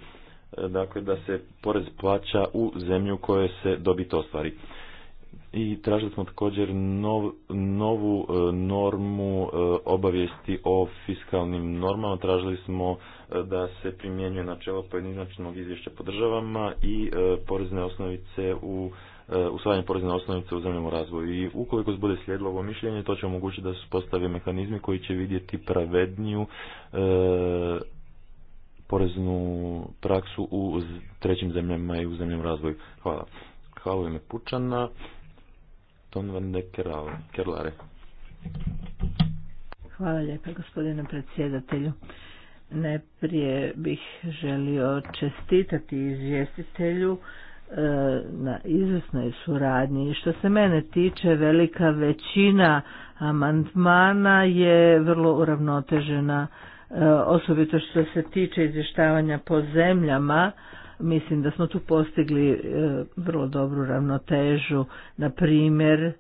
E, dakle da se porez plaća u zemlju u kojoj se dobit ostvari. I tražili smo također nov, novu e, normu e, obavijesti o fiskalnim normama. Tražili smo da se primjenjuje načelo pojedinačnog izvješća po državama i porezne osnovice u usvajanje porezne osnovice u zemljom razvoju. I ukoliko se bude slijedilo ovo mišljenje, to će omogućiti da se postave mehanizmi koji će vidjeti pravedniju poreznu praksu u trećim zemljama i u zemljom razvoju. Hvala. Hvala ime Pučana. Ton van de Kerlare. Hvala lijepa gospodine predsjedatelju. Najprije bih želio čestitati izvjestitelju e, na izvrsnoj suradnji. Što se mene tiče, velika većina amandmana je vrlo uravnotežena osobito što se tiče izvještavanja po zemljama, mislim da smo tu postigli e, vrlo dobru ravnotežu, na primjer e,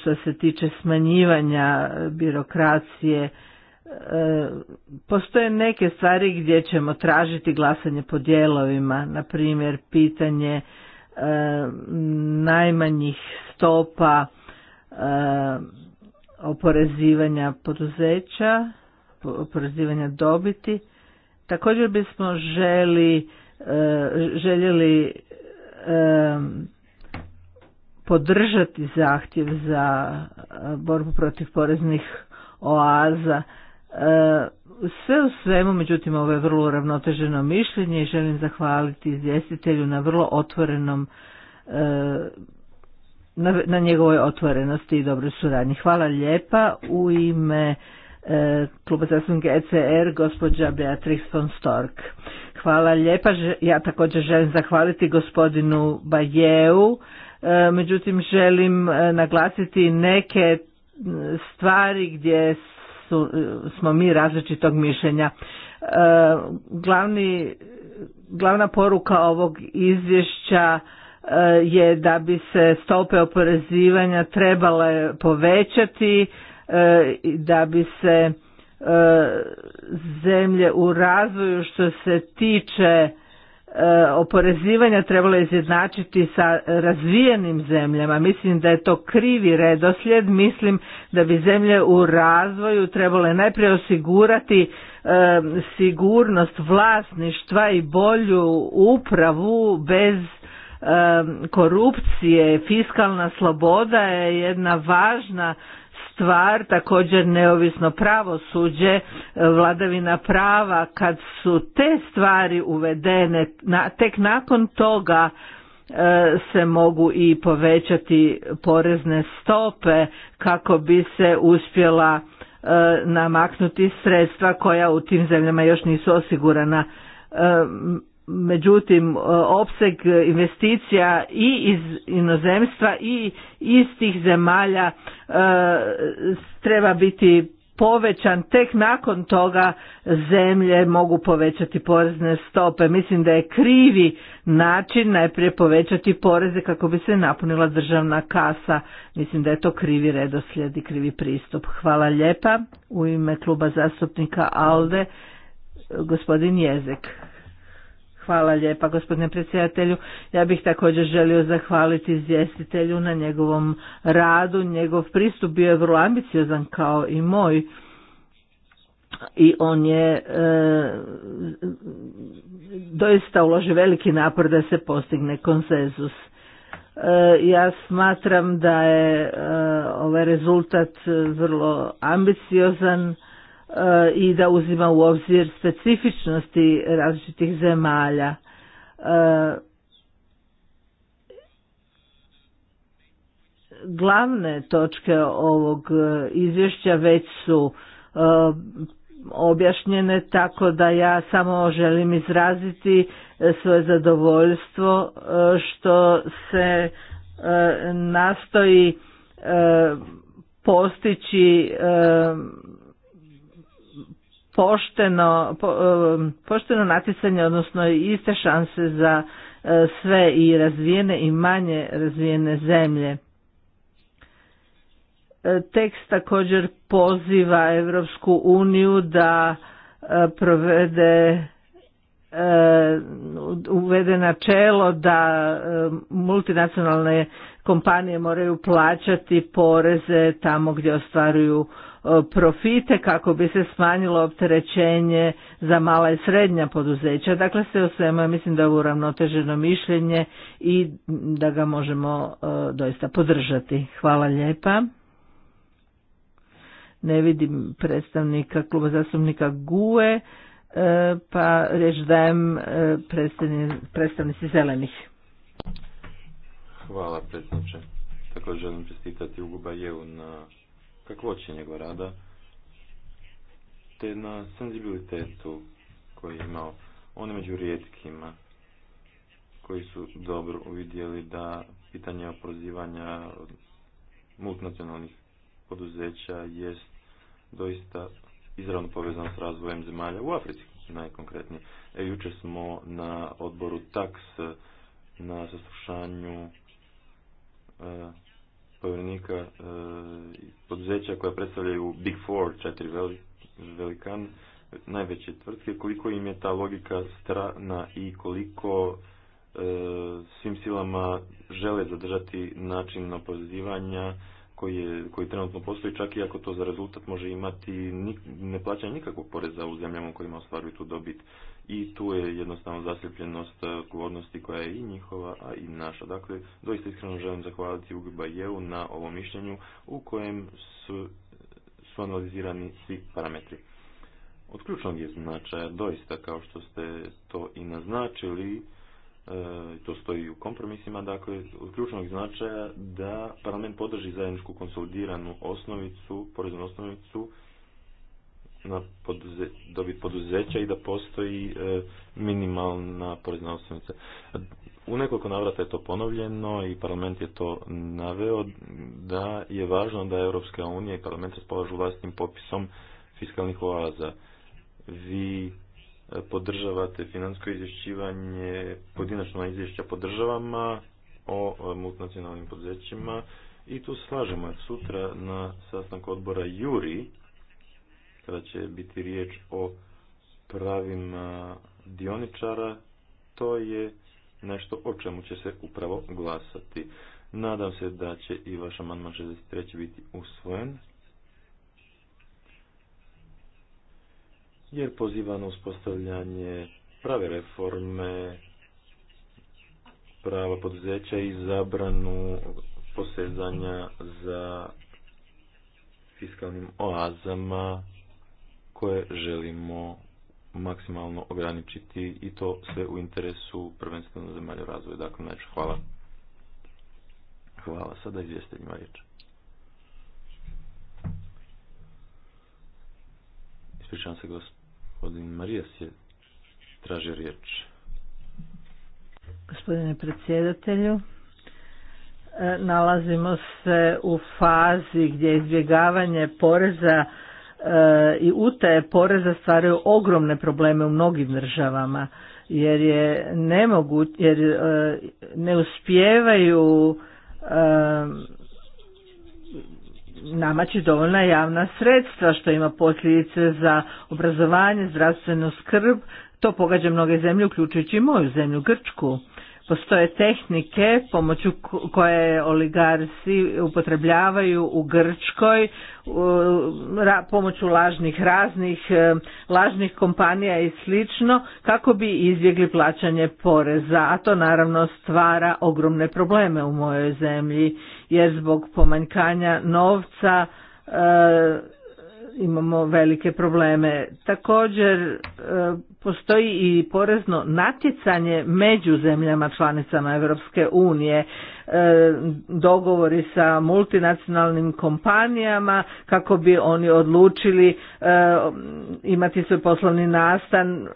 što se tiče smanjivanja birokracije, e, postoje neke stvari gdje ćemo tražiti glasanje po dijelovima, na primjer pitanje najmanjih stopa oporezivanja poduzeća, oporezivanja dobiti. Također bismo želi, e, željeli e, podržati zahtjev za e, borbu protiv poreznih oaza. Sve u svemu, međutim, ovo je vrlo uravnoteženo mišljenje i želim zahvaliti izvjestitelju na vrlo otvorenom na, njegovoj otvorenosti i dobroj suradnji. Hvala lijepa. U ime e, kluba zastupnika ECR, gospođa Beatrix von Stork. Hvala lijepa. Ja također želim zahvaliti gospodinu Bajeu. E, međutim, želim e, naglasiti neke stvari gdje su, smo mi različitog mišljenja. glavni, glavna poruka ovog izvješća Eh, je da bi se stope oporezivanja trebale povećati eh, da bi se eh, zemlje u razvoju što se tiče oporezivanja trebalo izjednačiti sa razvijenim zemljama. Mislim da je to krivi redoslijed. Mislim da bi zemlje u razvoju trebale najprije osigurati sigurnost vlasništva i bolju upravu bez korupcije, fiskalna sloboda je jedna važna stvar, također neovisno pravosuđe, e, vladavina prava, kad su te stvari uvedene, tek nakon toga e, se mogu i povećati porezne stope kako bi se uspjela e, namaknuti sredstva koja u tim zemljama još nisu osigurana međutim e, opseg investicija i iz inozemstva i iz tih zemalja e, treba biti povećan, tek nakon toga zemlje mogu povećati porezne stope. Mislim da je krivi način najprije povećati poreze kako bi se napunila državna kasa. Mislim da je to krivi redoslijed i krivi pristup. Hvala lijepa. U ime kluba zastupnika ALDE, gospodin Jezek. Hvala lijepa gospodine predsjedatelju. Ja bih također želio zahvaliti izvjestitelju na njegovom radu. Njegov pristup bio je vrlo ambiciozan kao i moj i on je e, doista uložio veliki napor da se postigne konsenzus. E, ja smatram da je e, ovaj rezultat vrlo ambiciozan i da uzima u obzir specifičnosti različitih zemalja. E, glavne točke ovog e, izvješća već su e, objašnjene tako da ja samo želim izraziti svoje zadovoljstvo što se nastoji postići pošteno, po, pošteno natjecanje, odnosno iste šanse za e, sve i razvijene i manje razvijene zemlje. E, tekst također poziva Europsku uniju da e, provede uvede načelo da multinacionalne kompanije moraju plaćati poreze tamo gdje ostvaruju E, profite kako bi se smanjilo opterećenje za mala i srednja poduzeća. Dakle, sve o svemu mislim da je uravnoteženo mišljenje i da ga možemo e, doista podržati. Hvala lijepa. Ne vidim predstavnika kluba zastupnika GUE, e, pa riječ dajem predstavnici zelenih. Hvala predsjedniče. Također želim čestitati Uguba Jevu na kakvoći njegova rada, te na senzibilitetu koji je imao. On je među rijetkima koji su dobro uvidjeli da pitanje oprozivanja multinacionalnih poduzeća jest doista izravno povezano s razvojem zemalja u Africi najkonkretnije. E, jučer smo na odboru Taks na saslušanju e, povjerenika e, poduzeća koja predstavljaju Big Four, četiri velikan, najveće tvrtke, koliko im je ta logika strana i koliko e, svim silama žele zadržati način napozivanja koji, je, koji trenutno postoji, čak i ako to za rezultat može imati ne plaćanje nikakvog poreza u zemljama u kojima ostvaruju tu dobit i tu je jednostavno zasljepljenost e, odgovornosti koja je i njihova, a i naša. Dakle, doista iskreno želim zahvaliti Ugiba Jevu na ovom mišljenju u kojem su, su analizirani svi parametri. Od ključnog je značaja doista kao što ste to i naznačili, e, to stoji u kompromisima, dakle od ključnog značaja da parlament podrži zajedničku konsolidiranu osnovicu, poreznu osnovicu na poduze, dobit poduzeća i da postoji e, minimalna porezna osnovica. U nekoliko navrata je to ponovljeno i parlament je to naveo da je važno da Europska unija i parlament raspolažu vlastnim popisom fiskalnih oaza. Vi e, podržavate finansko izvješćivanje, pojedinačno izvješća po državama o e, multinacionalnim poduzećima i tu slažemo. Sutra na sastanku odbora Juri kada će biti riječ o pravima dioničara, to je nešto o čemu će se upravo glasati. Nadam se da će i vaš amandman 63. biti usvojen. Jer poziva na uspostavljanje prave reforme prava poduzeća i zabranu posezanja za fiskalnim oazama koje želimo maksimalno ograničiti i to sve u interesu prvenstveno zemalja razvoja. Dakle, najče, hvala. Hvala. Sada izvjestiteljima riječ. Ispričavam se, gospodin Marijas je tražio riječ. Gospodine predsjedatelju, e, nalazimo se u fazi gdje izbjegavanje poreza i utaje poreza stvaraju ogromne probleme u mnogim državama jer je nemogu, jer e, ne uspijevaju e, namaći dovoljna javna sredstva što ima posljedice za obrazovanje, zdravstvenu skrb, to pogađa mnoge zemlje uključujući i moju zemlju Grčku. Postoje tehnike pomoću koje oligarsi upotrebljavaju u Grčkoj pomoću lažnih raznih e, lažnih kompanija i slično kako bi izbjegli plaćanje poreza, a to naravno stvara ogromne probleme u mojoj zemlji jer zbog pomanjkanja novca e, imamo velike probleme. Također e, postoji i porezno natjecanje među zemljama članicama Europske unije, e, dogovori sa multinacionalnim kompanijama kako bi oni odlučili e, imati svoj poslovni nastan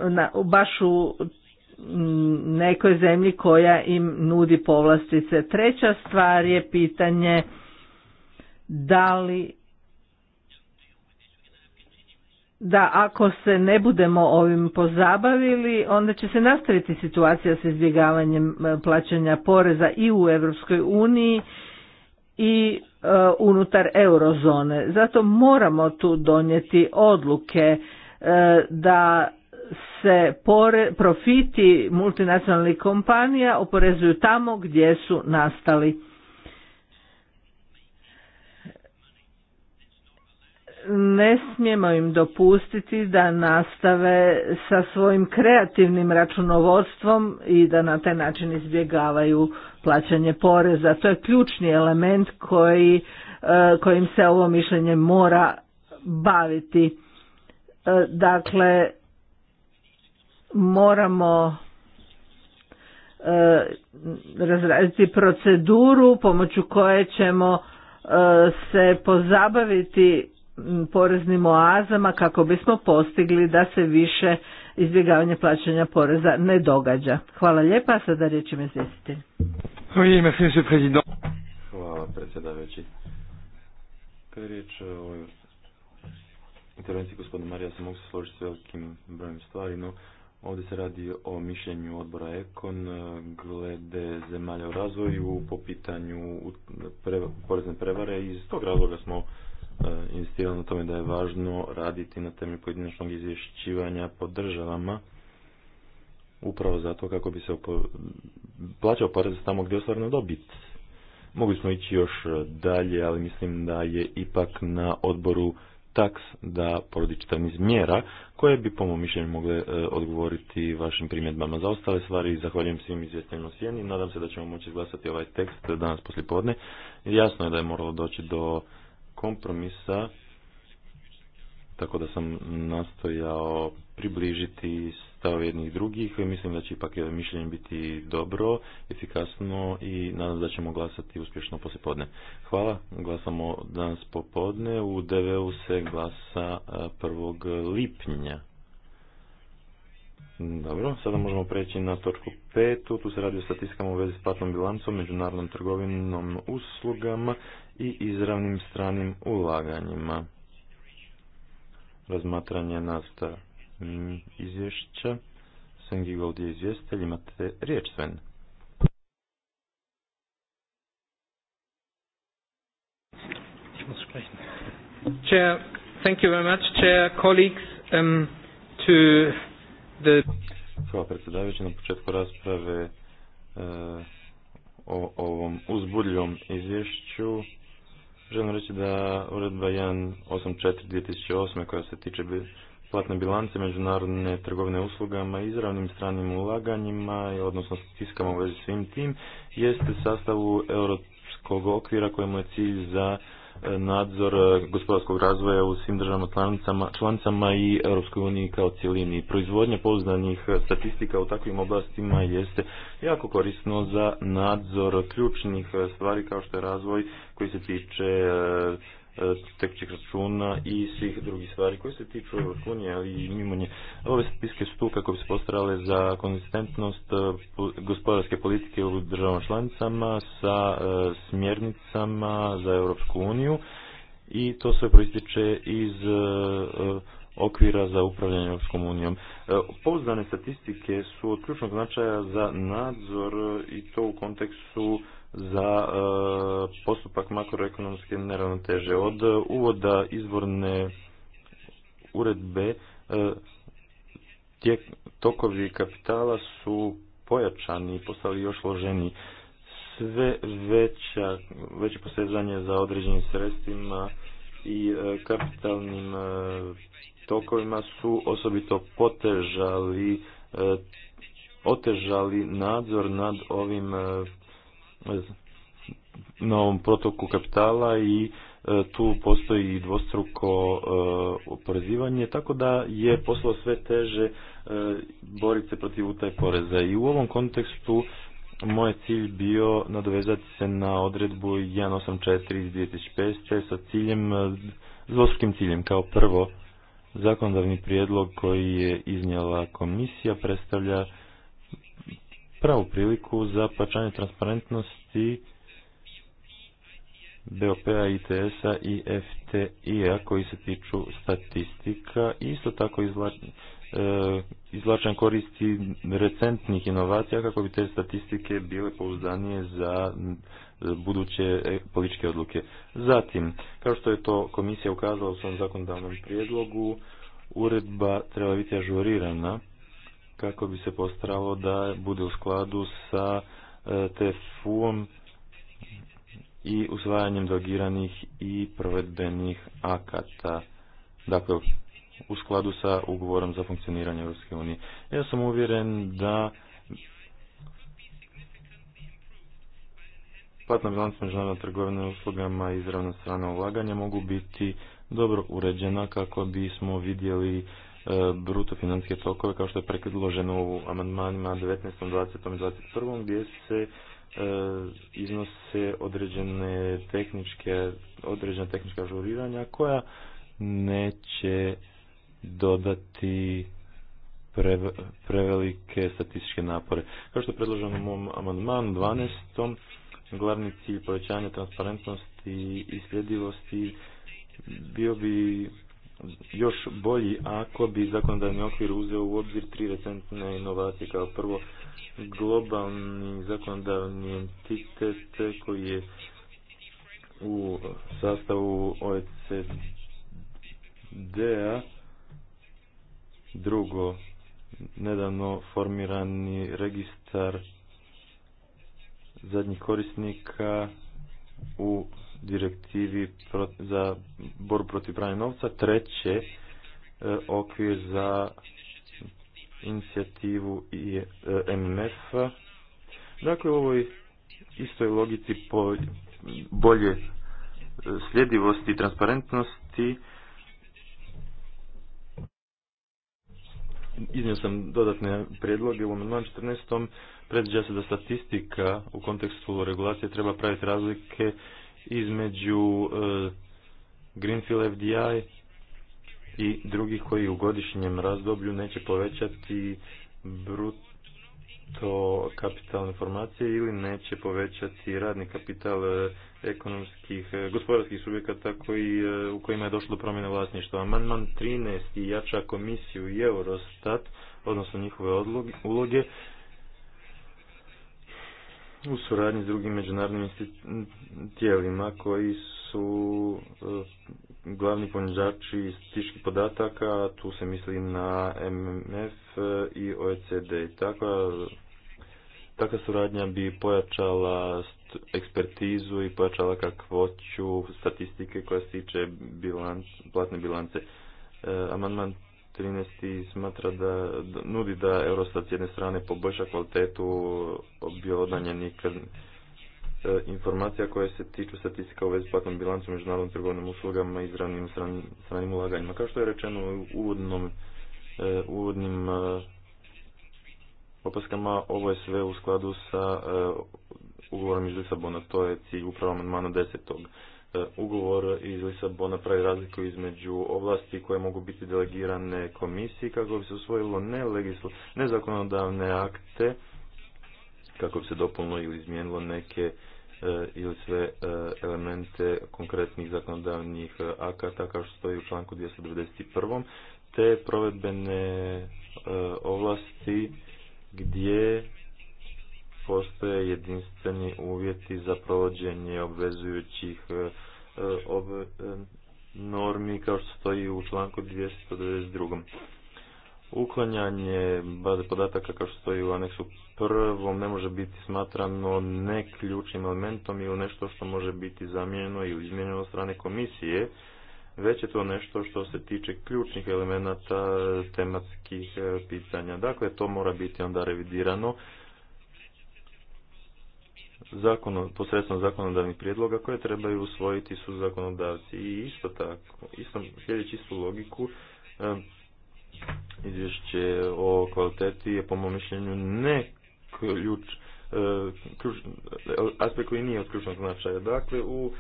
baš u mm, nekoj zemlji koja im nudi povlastice. Treća stvar je pitanje da li da ako se ne budemo ovim pozabavili, onda će se nastaviti situacija s izbjegavanjem e, plaćanja poreza i u Europskoj uniji i e, unutar eurozone. Zato moramo tu donijeti odluke e, da se pore, profiti multinacionalnih kompanija oporezuju tamo gdje su nastali. ne smijemo im dopustiti da nastave sa svojim kreativnim računovodstvom i da na taj način izbjegavaju plaćanje poreza. To je ključni element koji, e, kojim se ovo mišljenje mora baviti. E, dakle, moramo e, razraditi proceduru pomoću koje ćemo se pozabaviti poreznim oazama kako bismo postigli da se više izbjegavanje plaćanja poreza ne događa. Hvala lijepa, sada riječ ima izvjestitelj. Hvala predsjedavajući. Kad je riječ o intervenciji gospodina Marija, se mogu se složiti s velikim brojem stvari, no ovdje se radi o mišljenju odbora Ekon e, glede zemalja u razvoju po pitanju porezne prevare i iz tog razloga smo E, insistirao na tome da je važno raditi na temi pojedinačnog izvješćivanja po državama upravo zato kako bi se opo... plaćao porez tamo gdje ostvarno dobit. Mogli smo ići još dalje, ali mislim da je ipak na odboru taks da porodi čitav niz mjera koje bi po mom mišljenju mogle e, odgovoriti vašim primjedbama za ostale stvari. Zahvaljujem svim izvjestiteljima sjeni. Nadam se da ćemo moći izglasati ovaj tekst danas poslijepodne. Jasno je da je moralo doći do kompromisa, tako da sam nastojao približiti stav jednih drugih. Mislim da će ipak mišljenje biti dobro, efikasno i nadam da ćemo glasati uspješno poslijepodne. Hvala, glasamo danas popodne. U DVU se glasa 1. lipnja. Dobro, sada možemo preći na točku petu. Tu se radi o statistikama u vezi s platnom bilancom, međunarodnom trgovinom, uslugama i izravnim stranim ulaganjima. Razmatranje nasta izvješća. Sven Gigold je izvjestelj, imate riječ Sven. Chair, thank um, Hvala predsjedavajući, na početku rasprave uh, o ovom uzbudljom izvješću Želim reći da uredba 1.8.4.2008 koja se tiče platne bilance međunarodne trgovine uslugama i izravnim stranim ulaganjima, odnosno stiskama u vezi svim tim, jeste sastavu europskog okvira kojemu je cilj za nadzor e, gospodarskog razvoja u svim državama članicama, i Europskoj uniji kao cijelini. Proizvodnja poznanih e, statistika u takvim oblastima jeste jako korisno za nadzor ključnih e, stvari kao što je razvoj koji se tiče tekućih računa i svih drugih stvari koje se tiču EU ali i mimo nje. Ove spiske su tu kako bi se postarale za konzistentnost e, gospodarske politike u državama članicama sa e, smjernicama za Europsku uniju i to sve proističe iz e, okvira za upravljanje EU. unijom. Pouzdane statistike su od ključnog značaja za nadzor i to u kontekstu za e, postupak makroekonomske neravnoteže. Od e, uvoda izvorne uredbe e, tijek, tokovi kapitala su pojačani i postali još loženi. Sve veća, veće posezanje za određenim sredstvima i kapitalnim tokovima su osobito potežali otežali nadzor nad ovim na ovom protoku kapitala i e, tu postoji dvostruko e, oporezivanje, tako da je poslo sve teže e, boriti se protiv utaj poreza. I u ovom kontekstu moj cilj bio nadovezati se na odredbu 184 iz 2005. sa ciljem, dvostrukim ciljem. Kao prvo, zakonodavni prijedlog koji je iznijela komisija predstavlja pravu priliku za plaćanje transparentnosti BOP-a, ITS-a i FTI-a koji se tiču statistika. Isto tako e, izvlačan koristi recentnih inovacija kako bi te statistike bile pouzdanije za buduće e, političke odluke. Zatim, kao što je to komisija ukazala u svom zakonodavnom prijedlogu, uredba treba biti ažurirana kako bi se postaralo da bude u skladu sa e, TFU-om i usvajanjem dogiranih i provedbenih akata. Dakle, u skladu sa ugovorom za funkcioniranje Europske unije. Ja sam uvjeren da platna bilanca međunarodne trgovine uslugama i izravna strana ulaganja mogu biti dobro uređena kako bismo vidjeli bruto financijske tokove kao što je predloženo u amandmanima 19, 20 i 21 gdje se e, iznose određene tehničke, određena tehnička ažuriranja koja neće dodati prevelike statističke napore. Kao što je predloženo u mom amandmanu 12. glavni cilj povećanja transparentnosti i sljedivosti bio bi još bolji ako bi zakonodavni okvir uzeo u obzir tri recentne inovacije. Kao prvo, globalni zakonodavni entitet koji je u sastavu OECD-a. Drugo, nedavno formirani registar zadnjih korisnika u direktivi za borbu protiv pranja novca, treće e, okvir za inicijativu i e, MMF. Dakle, u ovoj istoj logici po bolje e, sljedivosti i transparentnosti iznio sam dodatne prijedloge u amandman 14. predviđa se da statistika u kontekstu regulacije treba praviti razlike između e, Greenfield FDI i drugih koji u godišnjem razdoblju neće povećati bruto kapitalne informacije ili neće povećati radni kapital e, ekonomskih, e, gospodarskih subjekata koji, u kojima je došlo do promjene vlasništva. Amandman 13 jača komisiju i Eurostat, odnosno njihove uloge, u suradnji s drugim međunarodnim tijelima koji su e, glavni ponuđači statističkih podataka, tu se misli na MMF e, i OECD. Takva, takva suradnja bi pojačala ekspertizu i pojačala kakvoću statistike koja se tiče bilanc, platne bilance. E, amandman 13. smatra da nudi da Eurostat s jedne strane poboljša kvalitetu objelodanjenih e, informacija koje se tiču statistika u vezi s platnom bilancom, međunarodnim trgovnim uslugama i izravnim stranim ulaganjima. Kao što je rečeno u e, uvodnim e, opaskama, ovo je sve u skladu sa ugovorom iz Lisabona, to je cilj upravo amandmana desetog E, ugovor iz Lisabona pravi razliku između ovlasti koje mogu biti delegirane komisiji kako bi se usvojilo nezakonodavne akte kako bi se dopunilo ili izmijenilo neke e, ili sve e, elemente konkretnih zakonodavnih akata kao što stoji u članku 291. te provedbene ovlasti gdje postoje jedinstveni uvjeti za provođenje obvezujućih e, ob e, normi kao što stoji u članku 292. Uklanjanje baze podataka kao što stoji u aneksu prvom ne može biti smatrano ključnim elementom ili nešto što može biti zamijenjeno i izmijenjeno od strane komisije, već je to nešto što se tiče ključnih elemenata tematskih e, pitanja. Dakle, to mora biti onda revidirano zakono, posredstvom zakonodavnih prijedloga koje trebaju usvojiti su zakonodavci. I isto tako, isto, sljedeći istu logiku, izvješće o kvaliteti je po mom mišljenju ne ključ, e, ključ aspekt koji nije od ključnog značaja. Dakle, u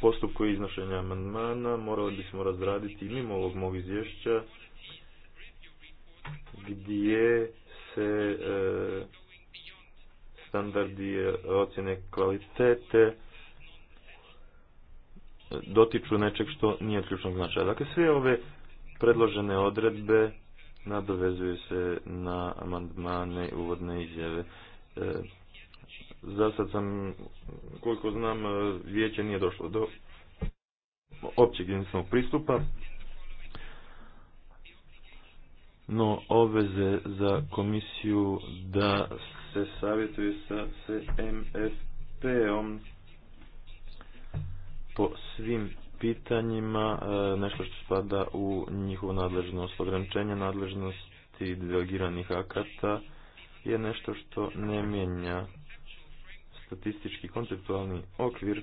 postupku iznošenja amandmana morali bismo razraditi mimo ovog mog izvješća gdje se e, standardi ocjene kvalitete dotiču nečeg što nije ključnog značaja. Dakle, sve ove predložene odredbe nadovezuju se na amandmane uvodne izjave. E, za sad sam, koliko znam, vijeće nije došlo do općeg jedinstvenog pristupa, no obveze za komisiju da se savjetuju sa CMFP-om po svim pitanjima, e, nešto što spada u njihovu nadležnost, ograničenja nadležnosti delegiranih akata je nešto što ne mijenja statistički konceptualni okvir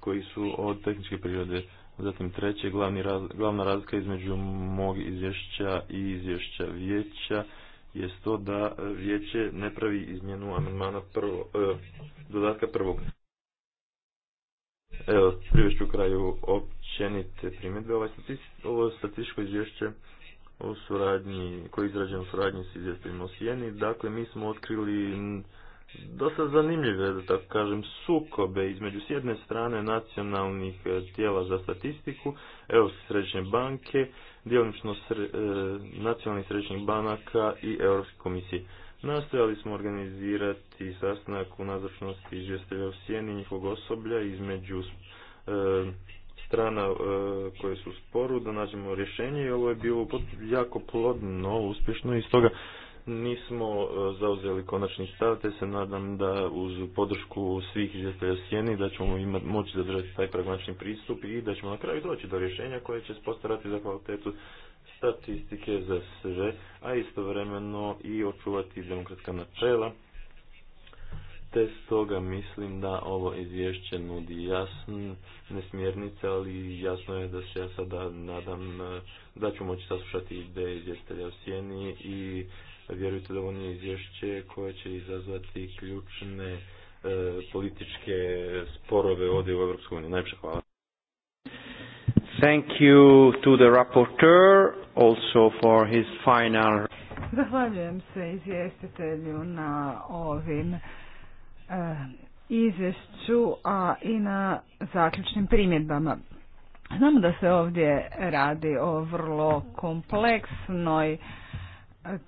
koji su od tehničke prirode. Zatim treće, glavni glavna razlika između mog izvješća i izvješća vijeća je to da vijeće ne pravi izmjenu amandmana prvo, e, dodatka prvog. Evo, privešću kraju općenite primjedbe. Ovaj ovo statističko izvješće o suradnji, koji je izrađeno u suradnji s izvješćima o Sijeni. Dakle, mi smo otkrili dosta zanimljive, da tako kažem, sukobe između s jedne strane nacionalnih e, tijela za statistiku, Europske središnje banke djelomično e, nacionalnih središnjih banaka i Europske komisije. Nastojali smo organizirati sastanak u nazočnosti izvjestelja u sjeni njihovog osoblja između e, strana e, koje su u sporu, da nađemo rješenje i ovo je bilo jako plodno, uspješno i stoga nismo e, zauzeli konačni stav, te se nadam da uz podršku svih izvjestelja sjeni da ćemo moći zadržati taj pragmačni pristup i da ćemo na kraju doći do rješenja koje će postarati za kvalitetu statistike za sve, a istovremeno i očuvati demokratska načela. Te stoga mislim da ovo izvješće nudi jasne smjernice, ali jasno je da se ja sada nadam e, da ću moći saslušati ideje izvjestelja u sjeni i Vjerujte da ovo nije izvješće koje će izazvati ključne e, političke sporove ovdje u Europskoj uniji. Najpše hvala. Thank you to the rapporteur also for his final... Zahvaljujem se izvjestitelju na ovim e, izvješću, a i na zaključnim primjedbama. Znamo da se ovdje radi o vrlo kompleksnoj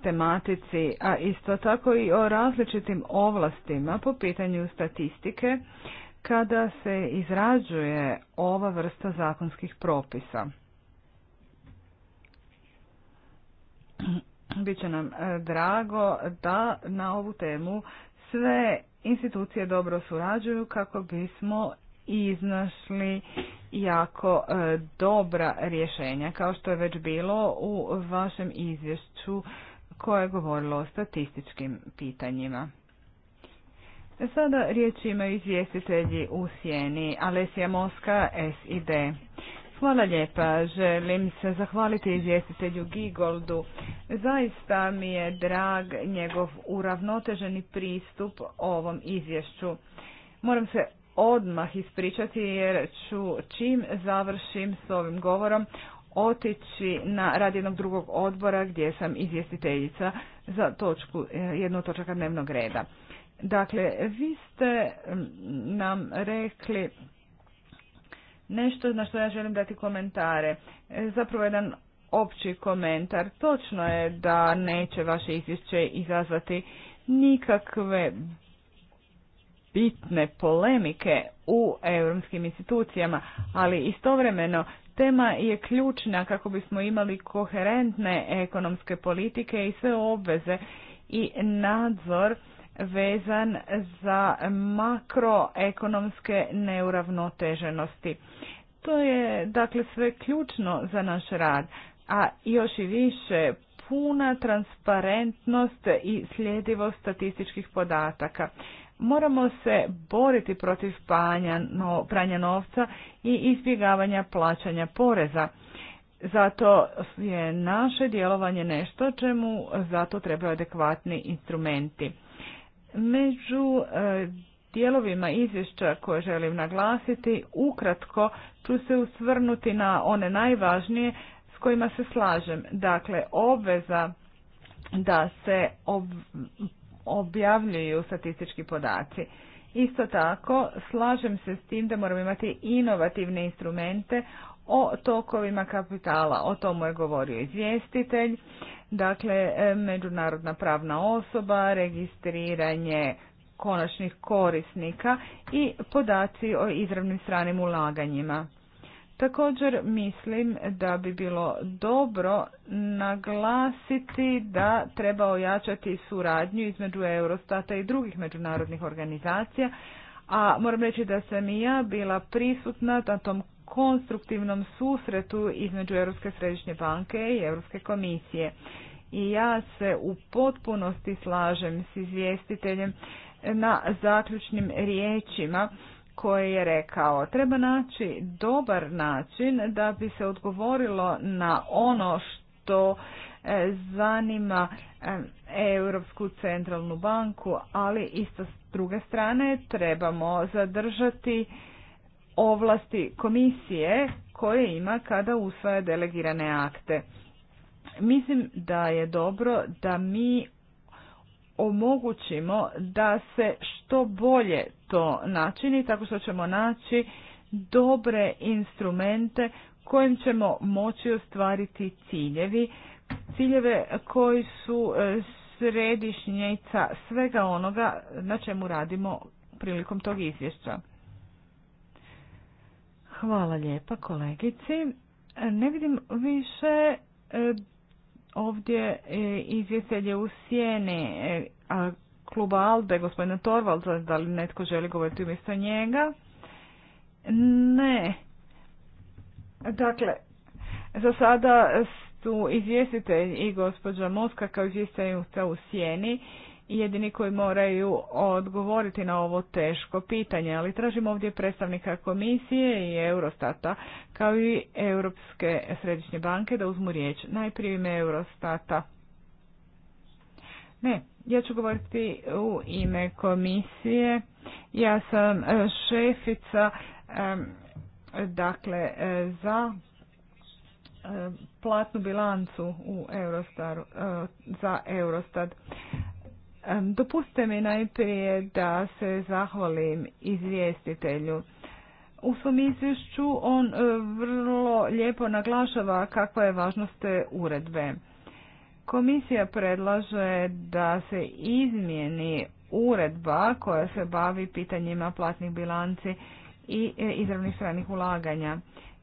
tematici, a isto tako i o različitim ovlastima po pitanju statistike kada se izrađuje ova vrsta zakonskih propisa. Biće nam e, drago da na ovu temu sve institucije dobro surađuju kako bismo iznašli jako e, dobra rješenja, kao što je već bilo u vašem izvješću koje je govorilo o statističkim pitanjima. E, sada riječ imaju izvjestitelji u Sjeni, Alesija Moska, SID. Hvala lijepa, želim se zahvaliti izvjestitelju Gigoldu. Zaista mi je drag njegov uravnoteženi pristup ovom izvješću. Moram se odmah ispričati jer ću čim završim s ovim govorom otići na rad jednog drugog odbora gdje sam izvjestiteljica za točku, e, jednu točaka dnevnog reda. Dakle, vi ste nam rekli nešto na što ja želim dati komentare. E, zapravo jedan opći komentar. Točno je da neće vaše izvješće izazvati nikakve bitne polemike u europskim institucijama, ali istovremeno tema je ključna kako bismo imali koherentne ekonomske politike i sve obveze i nadzor vezan za makroekonomske neuravnoteženosti. To je dakle sve ključno za naš rad, a još i više puna transparentnost i sljedivost statističkih podataka. Moramo se boriti protiv pranja novca i izbjegavanja plaćanja poreza. Zato je naše djelovanje nešto čemu zato trebaju adekvatni instrumenti. Među e, dijelovima izvješća koje želim naglasiti, ukratko ću se usvrnuti na one najvažnije s kojima se slažem. Dakle, obveza da se objavljuju statistički podaci. Isto tako, slažem se s tim da moramo imati inovativne instrumente o tokovima kapitala. O tomu je govorio izvjestitelj, dakle međunarodna pravna osoba, registriranje konačnih korisnika i podaci o izravnim stranim ulaganjima. Također mislim da bi bilo dobro naglasiti da treba ojačati suradnju između Eurostata i drugih međunarodnih organizacija, a moram reći da sam i ja bila prisutna na tom konstruktivnom susretu između Europske središnje banke i Europske komisije. I ja se u potpunosti slažem s izvjestiteljem na zaključnim riječima koje je rekao treba naći dobar način da bi se odgovorilo na ono što e, zanima e, Europsku centralnu banku, ali isto s druge strane trebamo zadržati ovlasti komisije koje ima kada usvaja delegirane akte. Mislim da je dobro da mi omogućimo da se što bolje to načini tako što ćemo naći dobre instrumente kojim ćemo moći ostvariti ciljevi, ciljeve koji su e, središnjica svega onoga na čemu radimo prilikom tog izvješća. Hvala lijepa kolegici. Ne vidim više e, Ovdje e, izvjestelje u sjeni e, kluba Albe, gospodina Torvalda, da li netko želi govoriti umjesto njega? Ne. Dakle, za sada su izvjestitelj i gospođa Moska kao izvjestiteljica u sjeni jedini koji moraju odgovoriti na ovo teško pitanje, ali tražimo ovdje predstavnika komisije i Eurostata kao i Europske središnje banke da uzmu riječ. Najprije ime Eurostata. Ne, ja ću govoriti u ime komisije. Ja sam e, šefica dakle e, za e, platnu bilancu u eurostar za Eurostat Dopustite mi najprije da se zahvalim izvjestitelju. U svom izvješću on e, vrlo lijepo naglašava kakva je važnost te uredbe. Komisija predlaže da se izmijeni uredba koja se bavi pitanjima platnih bilanci i e, izravnih stranih ulaganja.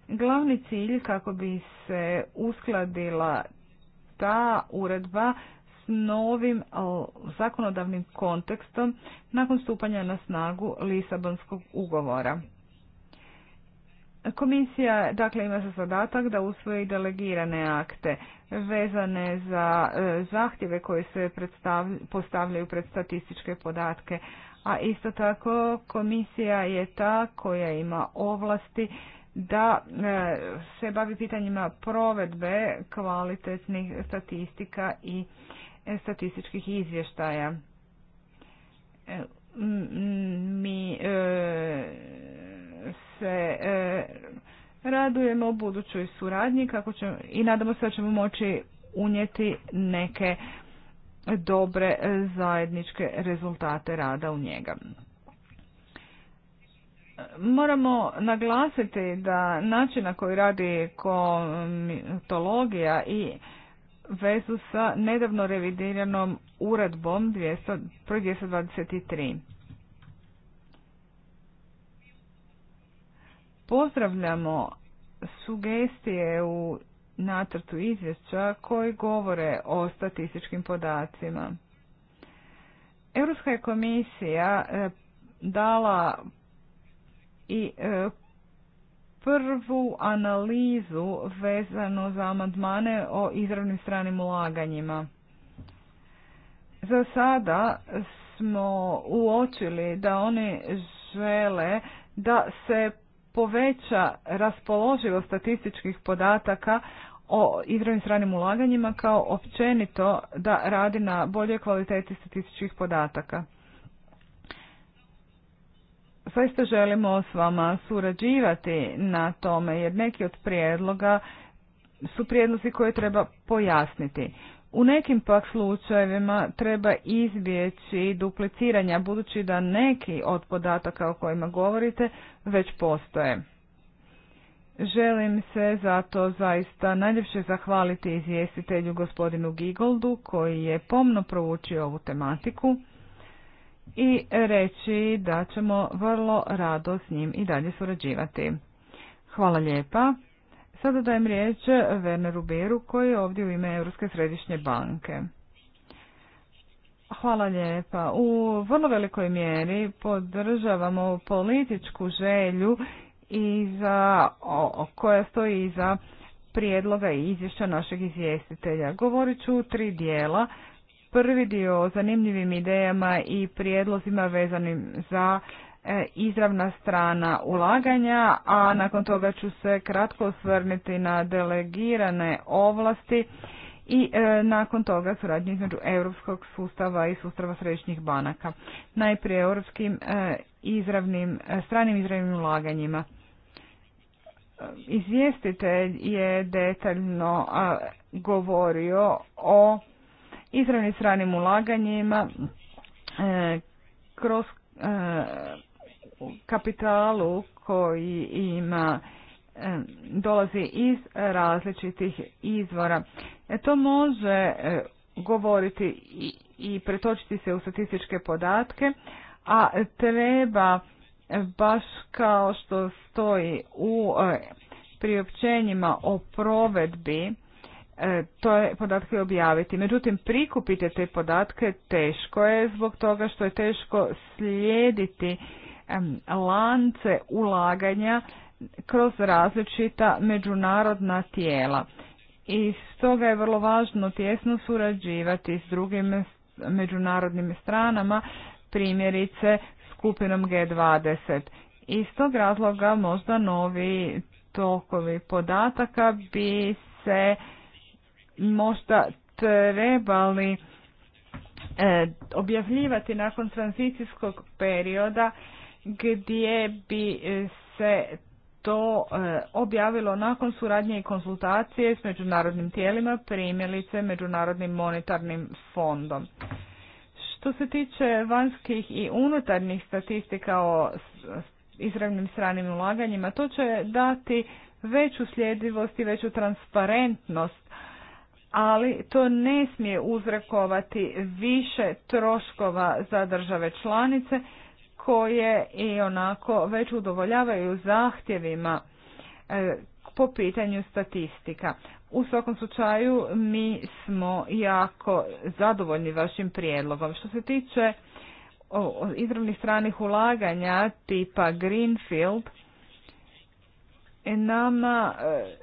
Glavni cilj kako bi se uskladila ta uredba novim zakonodavnim kontekstom nakon stupanja na snagu Lisabonskog ugovora. Komisija dakle ima za zadatak da usvoji delegirane akte vezane za e, zahtjeve koje se postavljaju pred statističke podatke, a isto tako komisija je ta koja ima ovlasti da e, se bavi pitanjima provedbe kvalitetnih statistika i statističkih izvještaja. E, mi e, se e, radujemo budućoj suradnji i nadamo se da ćemo moći unijeti neke dobre zajedničke rezultate rada u njega. Moramo naglasiti da način na koji radi komitologija i vezu sa nedavno revidiranom uredbom 223. Pozdravljamo sugestije u nacrtu izvješća koji govore o statističkim podacima. Europska je komisija eh, dala i eh, prvu analizu vezano za amandmane o izravnim stranim ulaganjima. Za sada smo uočili da oni žele da se poveća raspoloživost statističkih podataka o izravnim stranim ulaganjima kao općenito da radi na boljoj kvaliteti statističkih podataka zaista želimo s vama surađivati na tome jer neki od prijedloga su prijedlozi koje treba pojasniti. U nekim pak slučajevima treba izbjeći dupliciranja budući da neki od podataka o kojima govorite već postoje. Želim se zato zaista najljepše zahvaliti izvjestitelju gospodinu Gigoldu koji je pomno proučio ovu tematiku i reći da ćemo vrlo rado s njim i dalje surađivati. Hvala lijepa. Sada dajem riječ Werneru Beru koji je ovdje u ime Europske središnje banke. Hvala lijepa. U vrlo velikoj mjeri podržavamo političku želju i za, o, koja stoji iza prijedloga i izvješća našeg izvjestitelja. Govorit ću u tri dijela prvi dio o zanimljivim idejama i prijedlozima vezanim za e, izravna strana ulaganja, a nakon toga ću se kratko osvrnuti na delegirane ovlasti i e, nakon toga suradnje između europskog sustava i sustava središnjih banaka. Najprije europskim e, izravnim, stranim izravnim ulaganjima. Izvjestitelj je detaljno a, govorio o izravnim stranim ulaganjima, e, kroz e, kapitalu koji ima e, dolazi iz različitih izvora. To može govoriti i pretočiti se u statističke podatke, a treba baš kao što stoji u priopćenjima o provedbi E, to je podatke objaviti. Međutim, prikupite te podatke teško je zbog toga što je teško slijediti lance ulaganja kroz različita međunarodna tijela. I stoga je vrlo važno tjesno surađivati s drugim međunarodnim stranama, primjerice skupinom G20. Iz tog razloga možda novi tokovi podataka bi se možda trebali e, objavljivati nakon tranzicijskog perioda gdje bi se to e, objavilo nakon suradnje i konsultacije s međunarodnim tijelima, primjelice Međunarodnim monetarnim fondom. Što se tiče vanjskih i unutarnjih statistika o izravnim stranim ulaganjima, to će dati veću sljedivost i veću transparentnost ali to ne smije uzrekovati više troškova za države članice koje i onako već udovoljavaju zahtjevima e, po pitanju statistika. U svakom slučaju mi smo jako zadovoljni vašim prijedlogom. Što se tiče izravnih stranih ulaganja tipa Greenfield, E, nama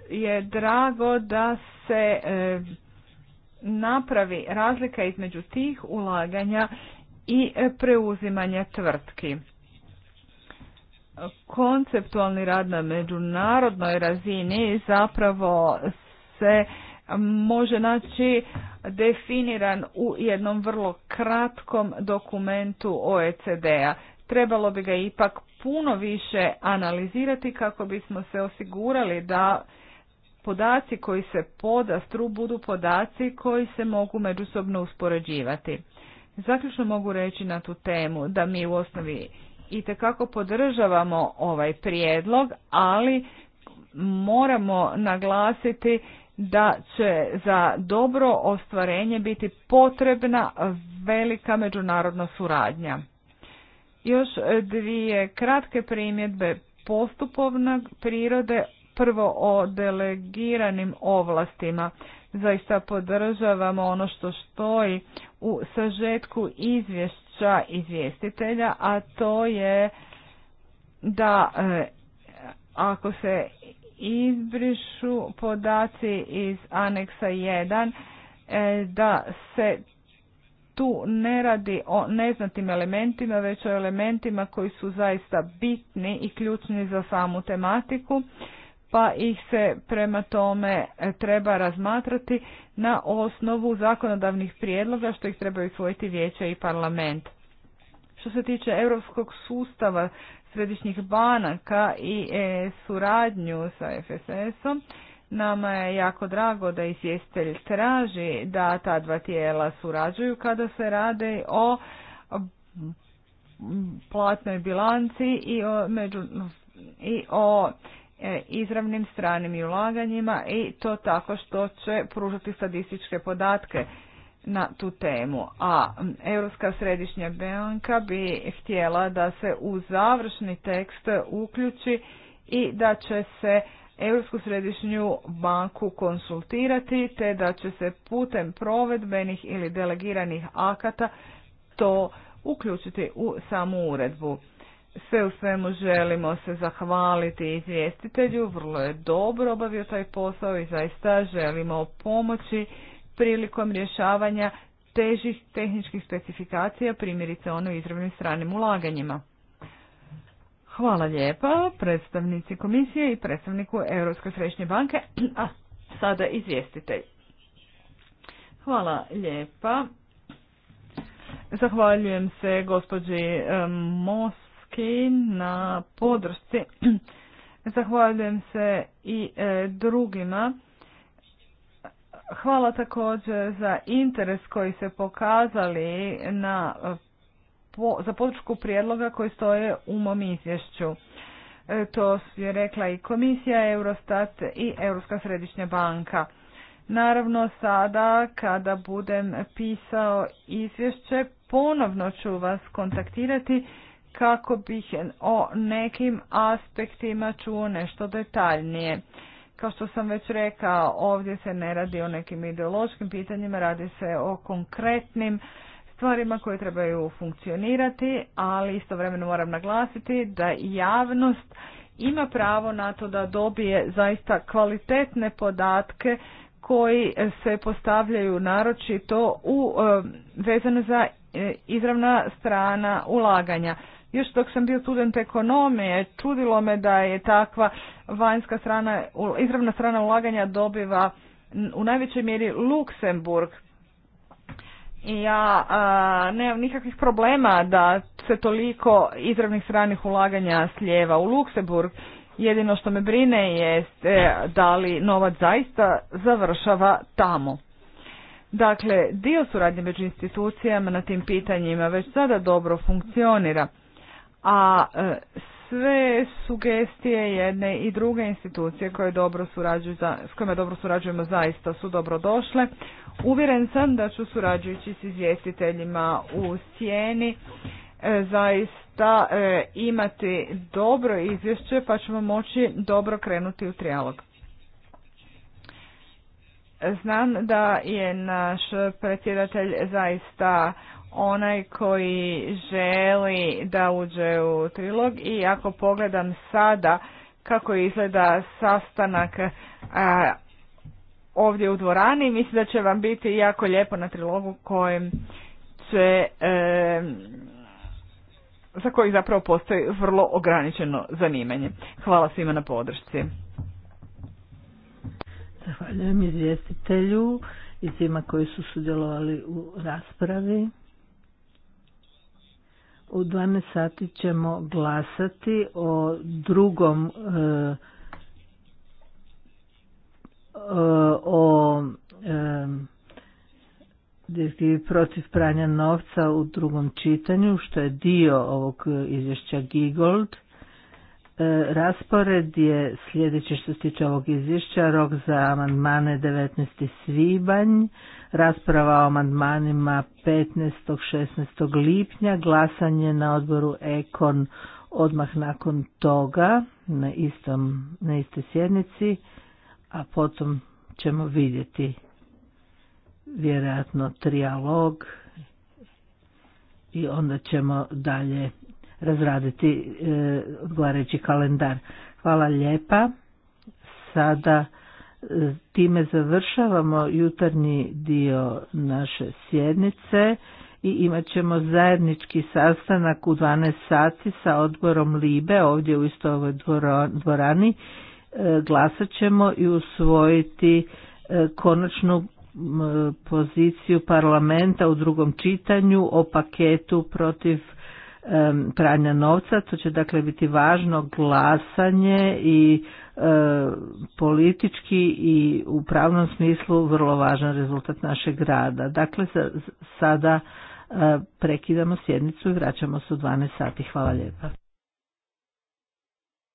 e, je drago da se e, napravi razlika između tih ulaganja i preuzimanja tvrtki. Konceptualni rad na međunarodnoj razini zapravo se može naći definiran u jednom vrlo kratkom dokumentu OECD-a trebalo bi ga ipak puno više analizirati kako bismo se osigurali da podaci koji se podastru budu podaci koji se mogu međusobno uspoređivati. Zaključno mogu reći na tu temu da mi u osnovi i tekako podržavamo ovaj prijedlog, ali moramo naglasiti da će za dobro ostvarenje biti potrebna velika međunarodna suradnja. Još e, dvije kratke primjedbe postupovne prirode, prvo o delegiranim ovlastima. Zaista podržavamo ono što stoji u sažetku izvješća izvjestitelja, a to je da e, ako se izbrišu podaci iz aneksa 1, e, da se tu ne radi o neznatim elementima, već o elementima koji su zaista bitni i ključni za samu tematiku, pa ih se prema tome e, treba razmatrati na osnovu zakonodavnih prijedloga što ih trebaju usvojiti vijeće i parlament. Što se tiče europskog sustava središnjih banaka i e, suradnju sa FSS-om, Nama je jako drago da izvjestitelj traži da ta dva tijela surađuju kada se radi o platnoj bilanci i o, i o e, izravnim stranim i ulaganjima i to tako što će pružati statističke podatke na tu temu. A Europska središnja banka bi htjela da se u završni tekst uključi i da će se Europsku središnju banku konsultirati te da će se putem provedbenih ili delegiranih akata to uključiti u samu uredbu. Sve u svemu želimo se zahvaliti izvjestitelju, vrlo je dobro obavio taj posao i zaista želimo pomoći prilikom rješavanja težih tehničkih specifikacija, primjerice ono izravnim stranim ulaganjima. Hvala lijepa predstavnici komisije i predstavniku Europske središnje banke, a sada izvjestitelj. Hvala lijepa. Zahvaljujem se gospođi Moski na podršci. Zahvaljujem se i e, drugima. Hvala također za interes koji se pokazali na za podršku prijedloga koji stoje u mom izvješću. E, to je rekla i komisija, Eurostat i Europska središnja banka. Naravno sada kada budem pisao izvješće ponovno ću vas kontaktirati kako bih o nekim aspektima čuo nešto detaljnije. Kao što sam već rekao, ovdje se ne radi o nekim ideološkim pitanjima, radi se o konkretnim stvarima koje trebaju funkcionirati, ali istovremeno moram naglasiti da javnost ima pravo na to da dobije zaista kvalitetne podatke koji se postavljaju naročito u vezano za e, izravna strana ulaganja. Još dok sam bio student ekonomije, čudilo me da je takva vanjska strana, izravna strana ulaganja dobiva u najvećoj mjeri Luksemburg, ja a, nemam nikakvih problema da se toliko izravnih stranih ulaganja slijeva u Luksemburg. Jedino što me brine jest e, da li novac zaista završava tamo. Dakle, dio suradnje među institucijama na tim pitanjima već sada dobro funkcionira, a e, sve sugestije jedne i druge institucije koje dobro surađuju, s kojima dobro surađujemo zaista su dobro došle. Uvjeren sam da ću surađujući s izvjestiteljima u sjeni e, zaista e, imati dobro izvješće pa ćemo moći dobro krenuti u trijalog. Znam da je naš predsjedatelj zaista onaj koji želi da uđe u trilog i ako pogledam sada kako izgleda sastanak ovdje u dvorani. Mislim da će vam biti jako lijepo na trilogu kojem će, e, za koji zapravo postoji vrlo ograničeno zanimanje. Hvala svima na podršci. Zahvaljujem izvjestitelju i svima koji su sudjelovali u raspravi. U 12 sati ćemo glasati o drugom e, o direktivi protiv pranja novca u drugom čitanju, što je dio ovog izvješća Gigold. E, raspored je sljedeći što se tiče ovog izvješća, rok za amandmane 19. svibanj, rasprava o amandmanima 15. 16. lipnja, glasanje na odboru Ekon odmah nakon toga na, istom, na istoj sjednici, a potom ćemo vidjeti vjerojatno trijalog i onda ćemo dalje razraditi e, odgovarajući kalendar. Hvala lijepa. Sada e, time završavamo jutarnji dio naše sjednice i imat ćemo zajednički sastanak u 12 sati sa odborom Libe ovdje u istoj ovoj dvorani glasat ćemo i usvojiti e, konačnu poziciju parlamenta u drugom čitanju o paketu protiv pranja novca. To će dakle biti važno glasanje i e, politički i u pravnom smislu vrlo važan rezultat našeg rada. Dakle, sada e, prekidamo sjednicu i vraćamo se u 12 sati. Hvala lijepa.